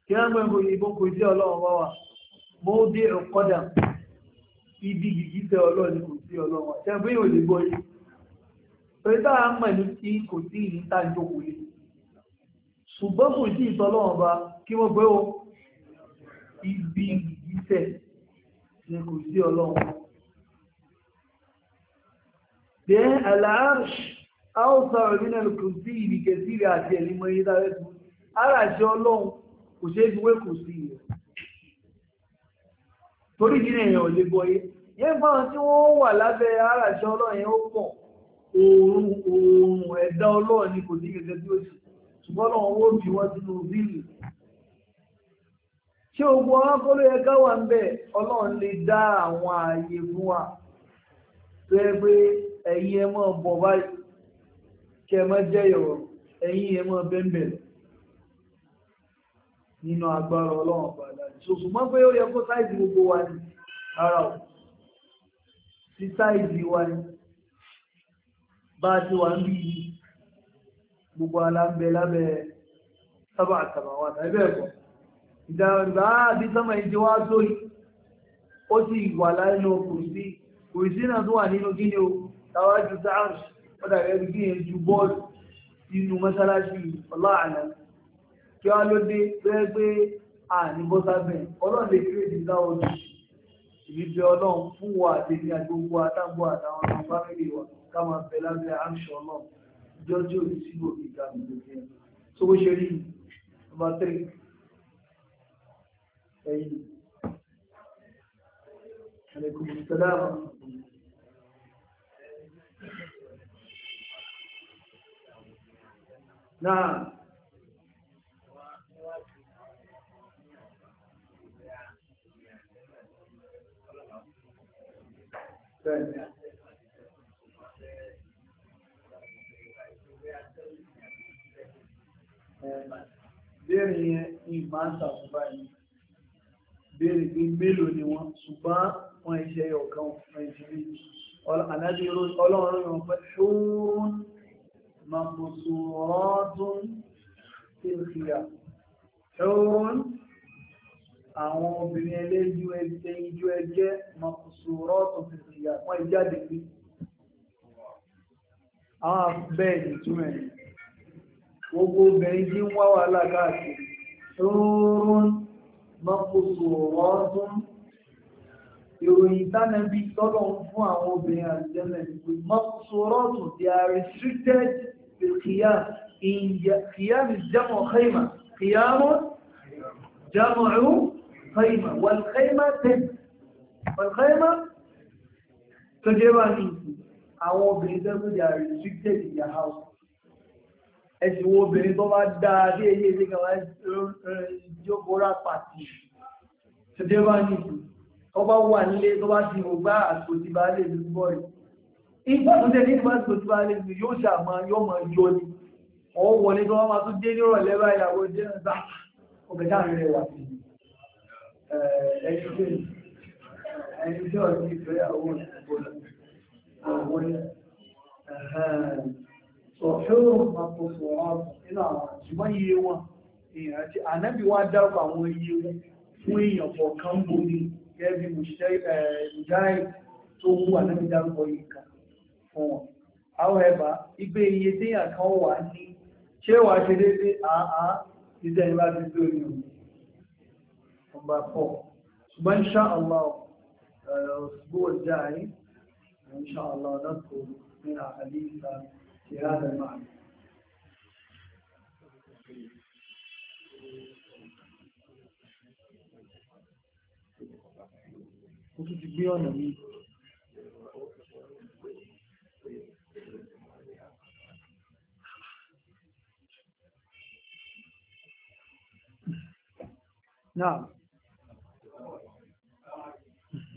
Kí á gbẹ̀gbẹ̀ ìbọn kò ọlọ́run bá mọ́ọ́dé ọ̀kọ́dà ibi gìgísẹ̀ ọlọ́ọ̀ni kò sí ọlọ́wọ́ ṣẹ́gun yóò lè gbọ́ yìí pẹ̀lú táwọn àmọ̀ ní kí kò sí ìlú tá ìjókòó yìí ṣùgbọ́n kò sí ìtọ́lọ́wọ́n ba kí wọ́n gbé o ibi gìgísẹ̀ ni kò sí ọlọ́wọ́ dẹ́ àlàárṣì àwọ̀sọ̀ ìrìnà kò sí ìrìkẹ̀sí rẹ̀ àti ẹ̀límọ̀ yìí dáwẹ́ ara ṣe ọlọ́run kò ṣe é fi kò sí ìrẹ̀ torí ìdílé èèyàn ò lè gbọ́yé yẹn fáwọn tí wọ́n wà lábẹ́ aráṣẹ ọlọ́run ó pọ̀ oòrùn oòrùn ẹ̀dá ọlọ́run ni kò ní gẹ́gẹ́ bí ó sì ṣùgbọ́n ọlọ́run ó bí wọ́n sínú bíìlì ṣé ogun ọ̀rán kó yẹ ká wà ń ọlọ́run lè dá àwọn ààyè fún wa tó yẹ pé ẹ̀yin ẹ mọ̀ bọ̀ báyìí kẹ́ ẹ mọ̀ jẹ́yọ̀ ẹ̀yin ẹ mọ̀ bẹ́ńbẹ̀lẹ̀ nínú agbára ọlọ́run padà ṣùgbọ́n pé ó yẹ kó sáìdì gbogbo wa ni ara ò sí sáìdì wa ni bá a ti wà ń bí gbogbo alábẹ lábẹ sábà àtàbàwà tàbí ẹ̀kọ́ ìdàgbà àbí sọ́mọ̀ ìdí wá sórí ó sì wà lánàá kùrìsí kùrìsí náà tó wà nínú kí ni o tàwájú sáàrùn ó dàgbẹ́ bí kí n ju bọ́ọ̀lù nínú mọ́sálásí ọlọ́àná kí wá ló dé bẹ́ẹ̀ pé àníbọ́sábẹ̀ ọlọ́run lè kéré ìdílá ọdún ìbíbẹ̀ ọlọ́run fún wa àti ní agbogbo àtàgbò àtàwọn ọmọ fámìlì wa ká máa bẹ lábẹ́ àmṣọ náà jọjọ òní síbò ìgbà gbogbo ẹ̀ tó bó ṣe rí ọba tẹ́lẹ̀ ẹ̀yìn alaikum salam náà Béèrè yẹn ní ìmá ń tàbùbá yìí. Béèrè pé mélòó ni wọ́n ṣùgbọ́n wọ́n iṣẹ́ ọ̀kan fún ìṣẹ́lẹ̀. Àdájú ọlọ́run yóò fẹ́ ṣóòrùn màkòsò ọ̀ọ́dún tí ó fi yà. Ṣóòrùn àwọn obìnrin ẹlẹ́jú ẹgbẹ́ màkòsò sùúrọ́ tó fi ìyà wọ́n ìjáde pé àwọn bẹ́ẹ̀ ní túmẹ̀ gbogbo obìnrin tí ń wá wàhálà káàkiri rúrún mọ́kòsò ọ̀rọ̀ọ́dún ìròyìn tánẹ́bí tọ́lọ̀ ń fún àwọn obìnrin àjẹ́lẹ̀ pé mọ́kòsò ọ̀rọ̀ọ́dún they are restricted with kiyam in kiyam is jamu khayma kiyamu jamu khayma wal khayma tent ọ̀kọ́ẹ́mọ́ tó jẹ́ bá ní àwọn obìnrin tẹ́gbẹ̀dẹ̀ are restricted in their house ẹ̀sìn wo obìnrin tó bá dáa dé eyé ilé kan wá jókòó rà pàtì tó jẹ́ bá ní tó bá wà nílé tó bá ti mọ̀ gbá àsìkò tí bá lè ní bọ́ rẹ̀ ìgbà tó jẹ́ nígbà tó ti bá lè ní yóò ṣàmọ́ yóò mọ̀ yọ ni ọwọ́ ẹni tí ọ̀dí ìfẹ́ àwọn ìṣòro àwọn ọ̀fẹ́rò àpòpọ̀ ọ̀pọ̀ nínú àwọn àjùmọ́ iye wọn èèyàn àti ànábì wá dárúkọ àwọn iye wọn fún èèyàn kọ̀ọ̀kan bomi gẹ́gẹ́ bí mùjáì tó wú ànábì dárúkọ yìí kan fún wọn. however igbe iye téèyàn kan wà ní ṣé wàá ṣe déédéé àá ìdẹ́yìn bá ti dórí ọ̀gbà pọ̀ ṣùgbọ́n insha Allah الأسبوع الجاي إن شاء الله نذكر من حديثا في هذا المعنى Kótó ti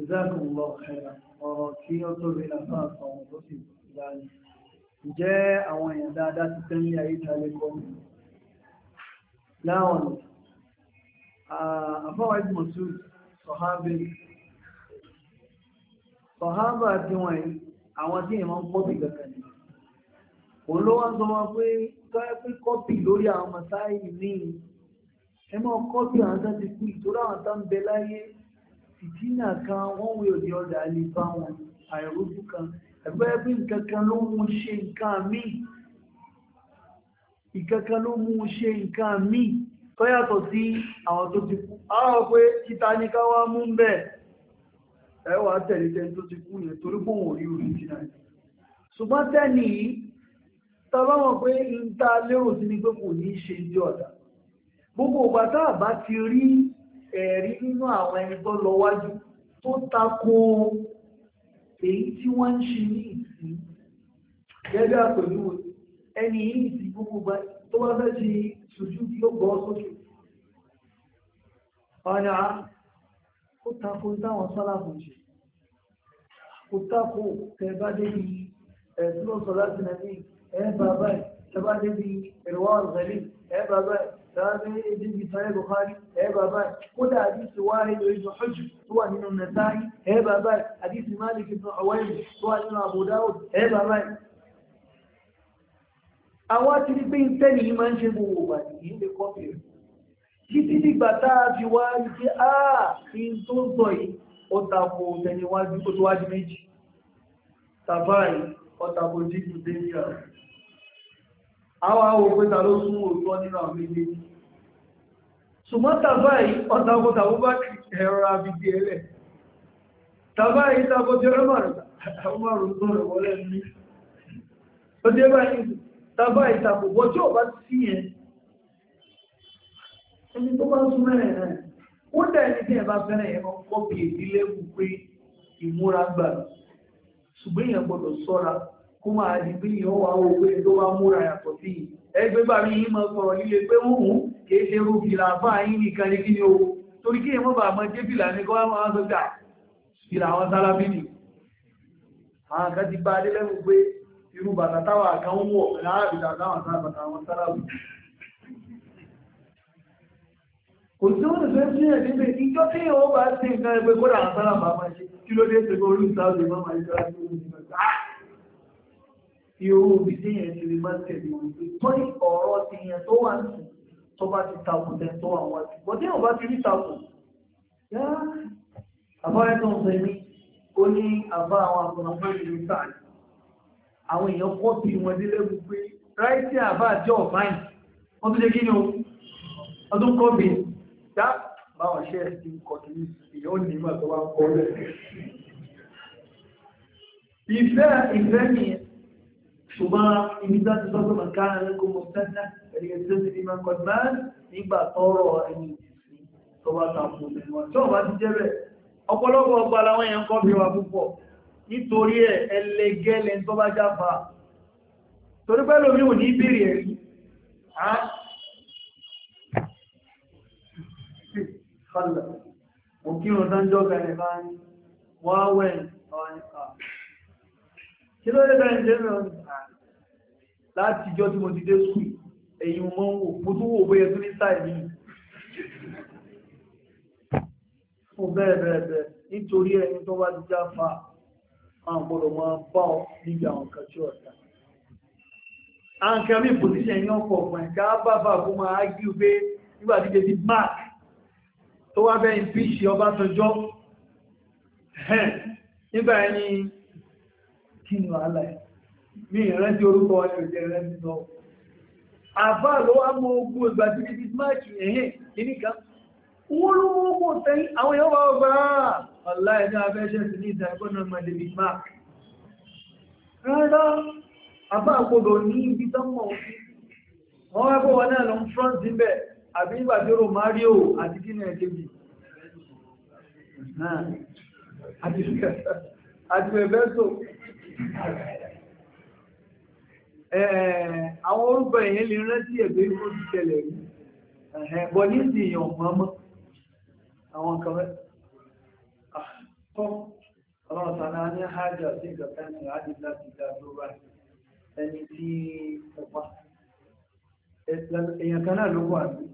Ìzákùn lọ ẹ̀rà ọ̀rọ̀ kí ó tó rí lásán àtàwọn tó sì dáni. Ǹjẹ́ àwọn èèyàn dáadáa ti tẹ́lẹ̀ ayé tàlẹ́ kọ́ mi? Láwọn àfọwọ́ ẹ̀dùn mọ̀tú sọ̀hábẹ́. Sọ̀hábà tí wọ́n yìí, àwọn tí ìmọ̀ ń pọ̀ bí kankan ni. Òun ló wá sọ wọn pé tọ́ẹ́ ẹ máa kọ́jú àwọn tó ti kú ìtura àwọn tó ń bẹ láyé ìdínà kan wọ́n wé òde ọ̀dà lè wọn àìrójú kan ẹgbẹ́ a nǹkan kan ló mú ṣe ṣe nǹkan míì tó yàtọ̀ sí àwọn tó ti kú pé títa ní ẹ wà tẹ̀lé tó ti torí ti náà ṣùgbọ́n bá wọn pé ń ta lérò sí ni gbogbo ìgbà tá a bá ti rí ẹ̀rí nínú àwọn ẹni tó lọ wájú tó tako èyí tí wọ́n ń ṣe ní ìsìn gẹ́gẹ́ pẹ̀lú ẹni yìí ti gbogbo tó bá fẹ́ ṣe ṣojú yóò gbọ́ sókè ọ̀nà ó tako táwọn sálàmù ṣe kò tako tẹ̀bá débi ẹ̀sùn ọ̀sọ̀ láti nàbí ẹ̀ bàbá ẹ̀ tẹ̀bá débi ẹ̀rọ àrùn ẹ bàbá tàbí ìdíbi sọ́yẹ́ buhari ẹ bàbá kódà àdísì wáhí lórí hujj tó wà nínú nasari ẹ bàbá àdísì malik ibn ọwẹ́yìn tó wà nínú abu dawud ẹ bàbá àwọn ti rí pé ìtẹ́lì yìí máa ń ṣe gbogbo wà ní ilé kọ́pì rẹ̀ títí dìgbà táà fi wá rí pé áà fi tó sọ yìí ó tako tẹniwájú tó tó wájú méjì tàbáyì ó tako jíjù àwọn òpéta ló sún òótọ́ nínú àwọn méjèèjì ṣùgbọ́n tàbáyì ọ̀tàkùn tàbúbá ẹ̀rọ abìdí ẹlẹ̀ tàbáyì tàbó jẹ́rọ márùn-ún tó rẹ̀ wọlé ní ó dé báyìí tàbáyì tàbó wọ́jọ́ ọba sí yẹn ẹni tó bá sún mẹ́rẹ̀ náà ó dá ẹni tí ẹ bá fẹ́rẹ̀ yẹn kọ́ bí ìdílé wù pé ìmúra ó máa di pé yìí ó wà owó tó bá múra yàtọ̀ sí i ẹgbẹ́ gbà mí yìí máa sọ̀rọ̀ líle pé ó hùn kìí ṣe irú fìlà àfáà yín nìkan ní kíni o torí kí èèmọ́ bà mọ́ jẹ́ fìlà ní kọ́ máa sọ gbà fìlà àwọn sálábì nì àwọn kan ti bá adé lẹ́nu pé irú bàtà táwà kan ń wọ̀ pẹ̀lú àbìtà táwọn sábàtà àwọn sálábì kò tí ó irú ibi tí yẹn ti rí máa ń tẹ̀lé wọn pé tó ní ọ̀rọ̀ ti yẹn tó wà nù tó bá ti takò tẹ̀ tó wà wájú bọ́ tí yẹn bá ti rí takò yá àbáyé tó ń sọ ní ó ní àbá àwọn àbọ̀nàmọ́ ìlú sáàlì àwọn èèyàn pọ̀ sí wọn délé gbogbo ráìtì àbá àjọ ọ̀báyìn wọ́n tó jẹ́ kí ni o ọdún kọ́bì dá báwọn ṣe ẹ̀sìn kọ̀tù ìyọ́ ní ìmọ̀ tó wá kọ́ lẹ̀ ìfẹ́ ìfẹ́ nìyẹn ṣùgbọ́n ibi tó ti sọ pé màkà ẹlẹ́kùn mọ̀tẹ́tẹ́ ẹ̀dẹ̀gẹ̀ tó ti di máa kọjá nígbà tọrọ ẹni ìdìsí tó bá ta fún mi wọn tó bá ti jẹ́ bẹ́ẹ̀ ọ̀pọ̀lọpọ̀ ọgbà làwọn èèyàn kọ́ bí wa púpọ̀ nítorí ẹ̀ ẹlẹgẹ́lẹ̀ tó òkírùn dánjọ́ bẹ̀rẹ̀ bá ń wáwẹ̀ ọ̀nà kí ló lè bẹ̀rẹ̀ jẹ́ mẹ́rin láti ìjọ tí mo ti dé skul ẹ̀yìn mo ń wò mo tún wò bóyá tó ní sáì ní bẹ́ẹ̀ bẹ́ẹ̀ bẹ́ẹ̀ nítorí ẹni tó bá ti já fa máa gbọ́dọ̀ máa bá ọ níbi àwọn kan tí ọ̀dà àǹkà mi pòsíṣẹ̀ ní ọkọ̀ ọ̀pọ̀ ẹ̀ká bàbà fún ma ágíù pé nígbàtí jẹ́ ti mark tó wá bẹ́ ìpíṣì Ọbásanjọ́ nígbà ẹni kí ni wàhálà ẹ̀ ní ìrántí orúkọ wọn yóò jẹ́ ìrántí lọ. Àbá ló wá mọ ogun ìgbà tí ní Bismarki ẹ̀yìn kìíní kan. Wọ́n ló mọ ogun tẹ́yìn àwọn èèyàn bá gbà á. Ọ̀la ẹ̀ ní abẹ́ṣẹ́ sí ní ìtàkùn náà máa débi Mark. Rárá, àbá àgbọ̀dọ̀ ní ibi tán mọ̀ òfin. Wọ́n wá pé wọn náà àti kí ni ẹ̀ àwọn orúkọ èèyàn lè rántí ẹ̀gbẹ́ ikú ti tẹ̀lẹ̀ rí bọ̀ ní ìsìn èèyàn mọ́mọ́ àwọn kan rẹ̀ ọlọ́run sànà ní hajj àti ìgbàkan ní hajj láti dá tó bá ẹni tí ọ̀pá èèyàn kan náà ló wà ní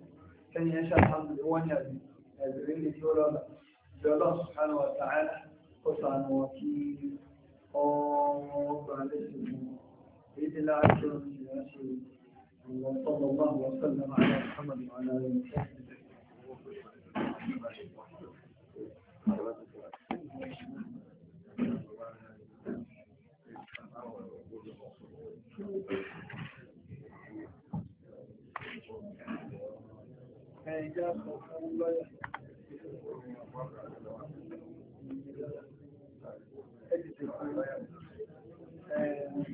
ẹ̀yìn ẹ̀ṣà àmì wọ́n ní àbí ẹ̀bẹ̀rẹ̀ lè tó lọ́la bí ọlọ́run sànà wà sàánà ó sànà ọ̀ọ́ بإذن الله عز وجل وصلى الله وسلم على محمد وعلى آله وصحبه Thank you.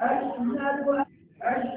أشهد أن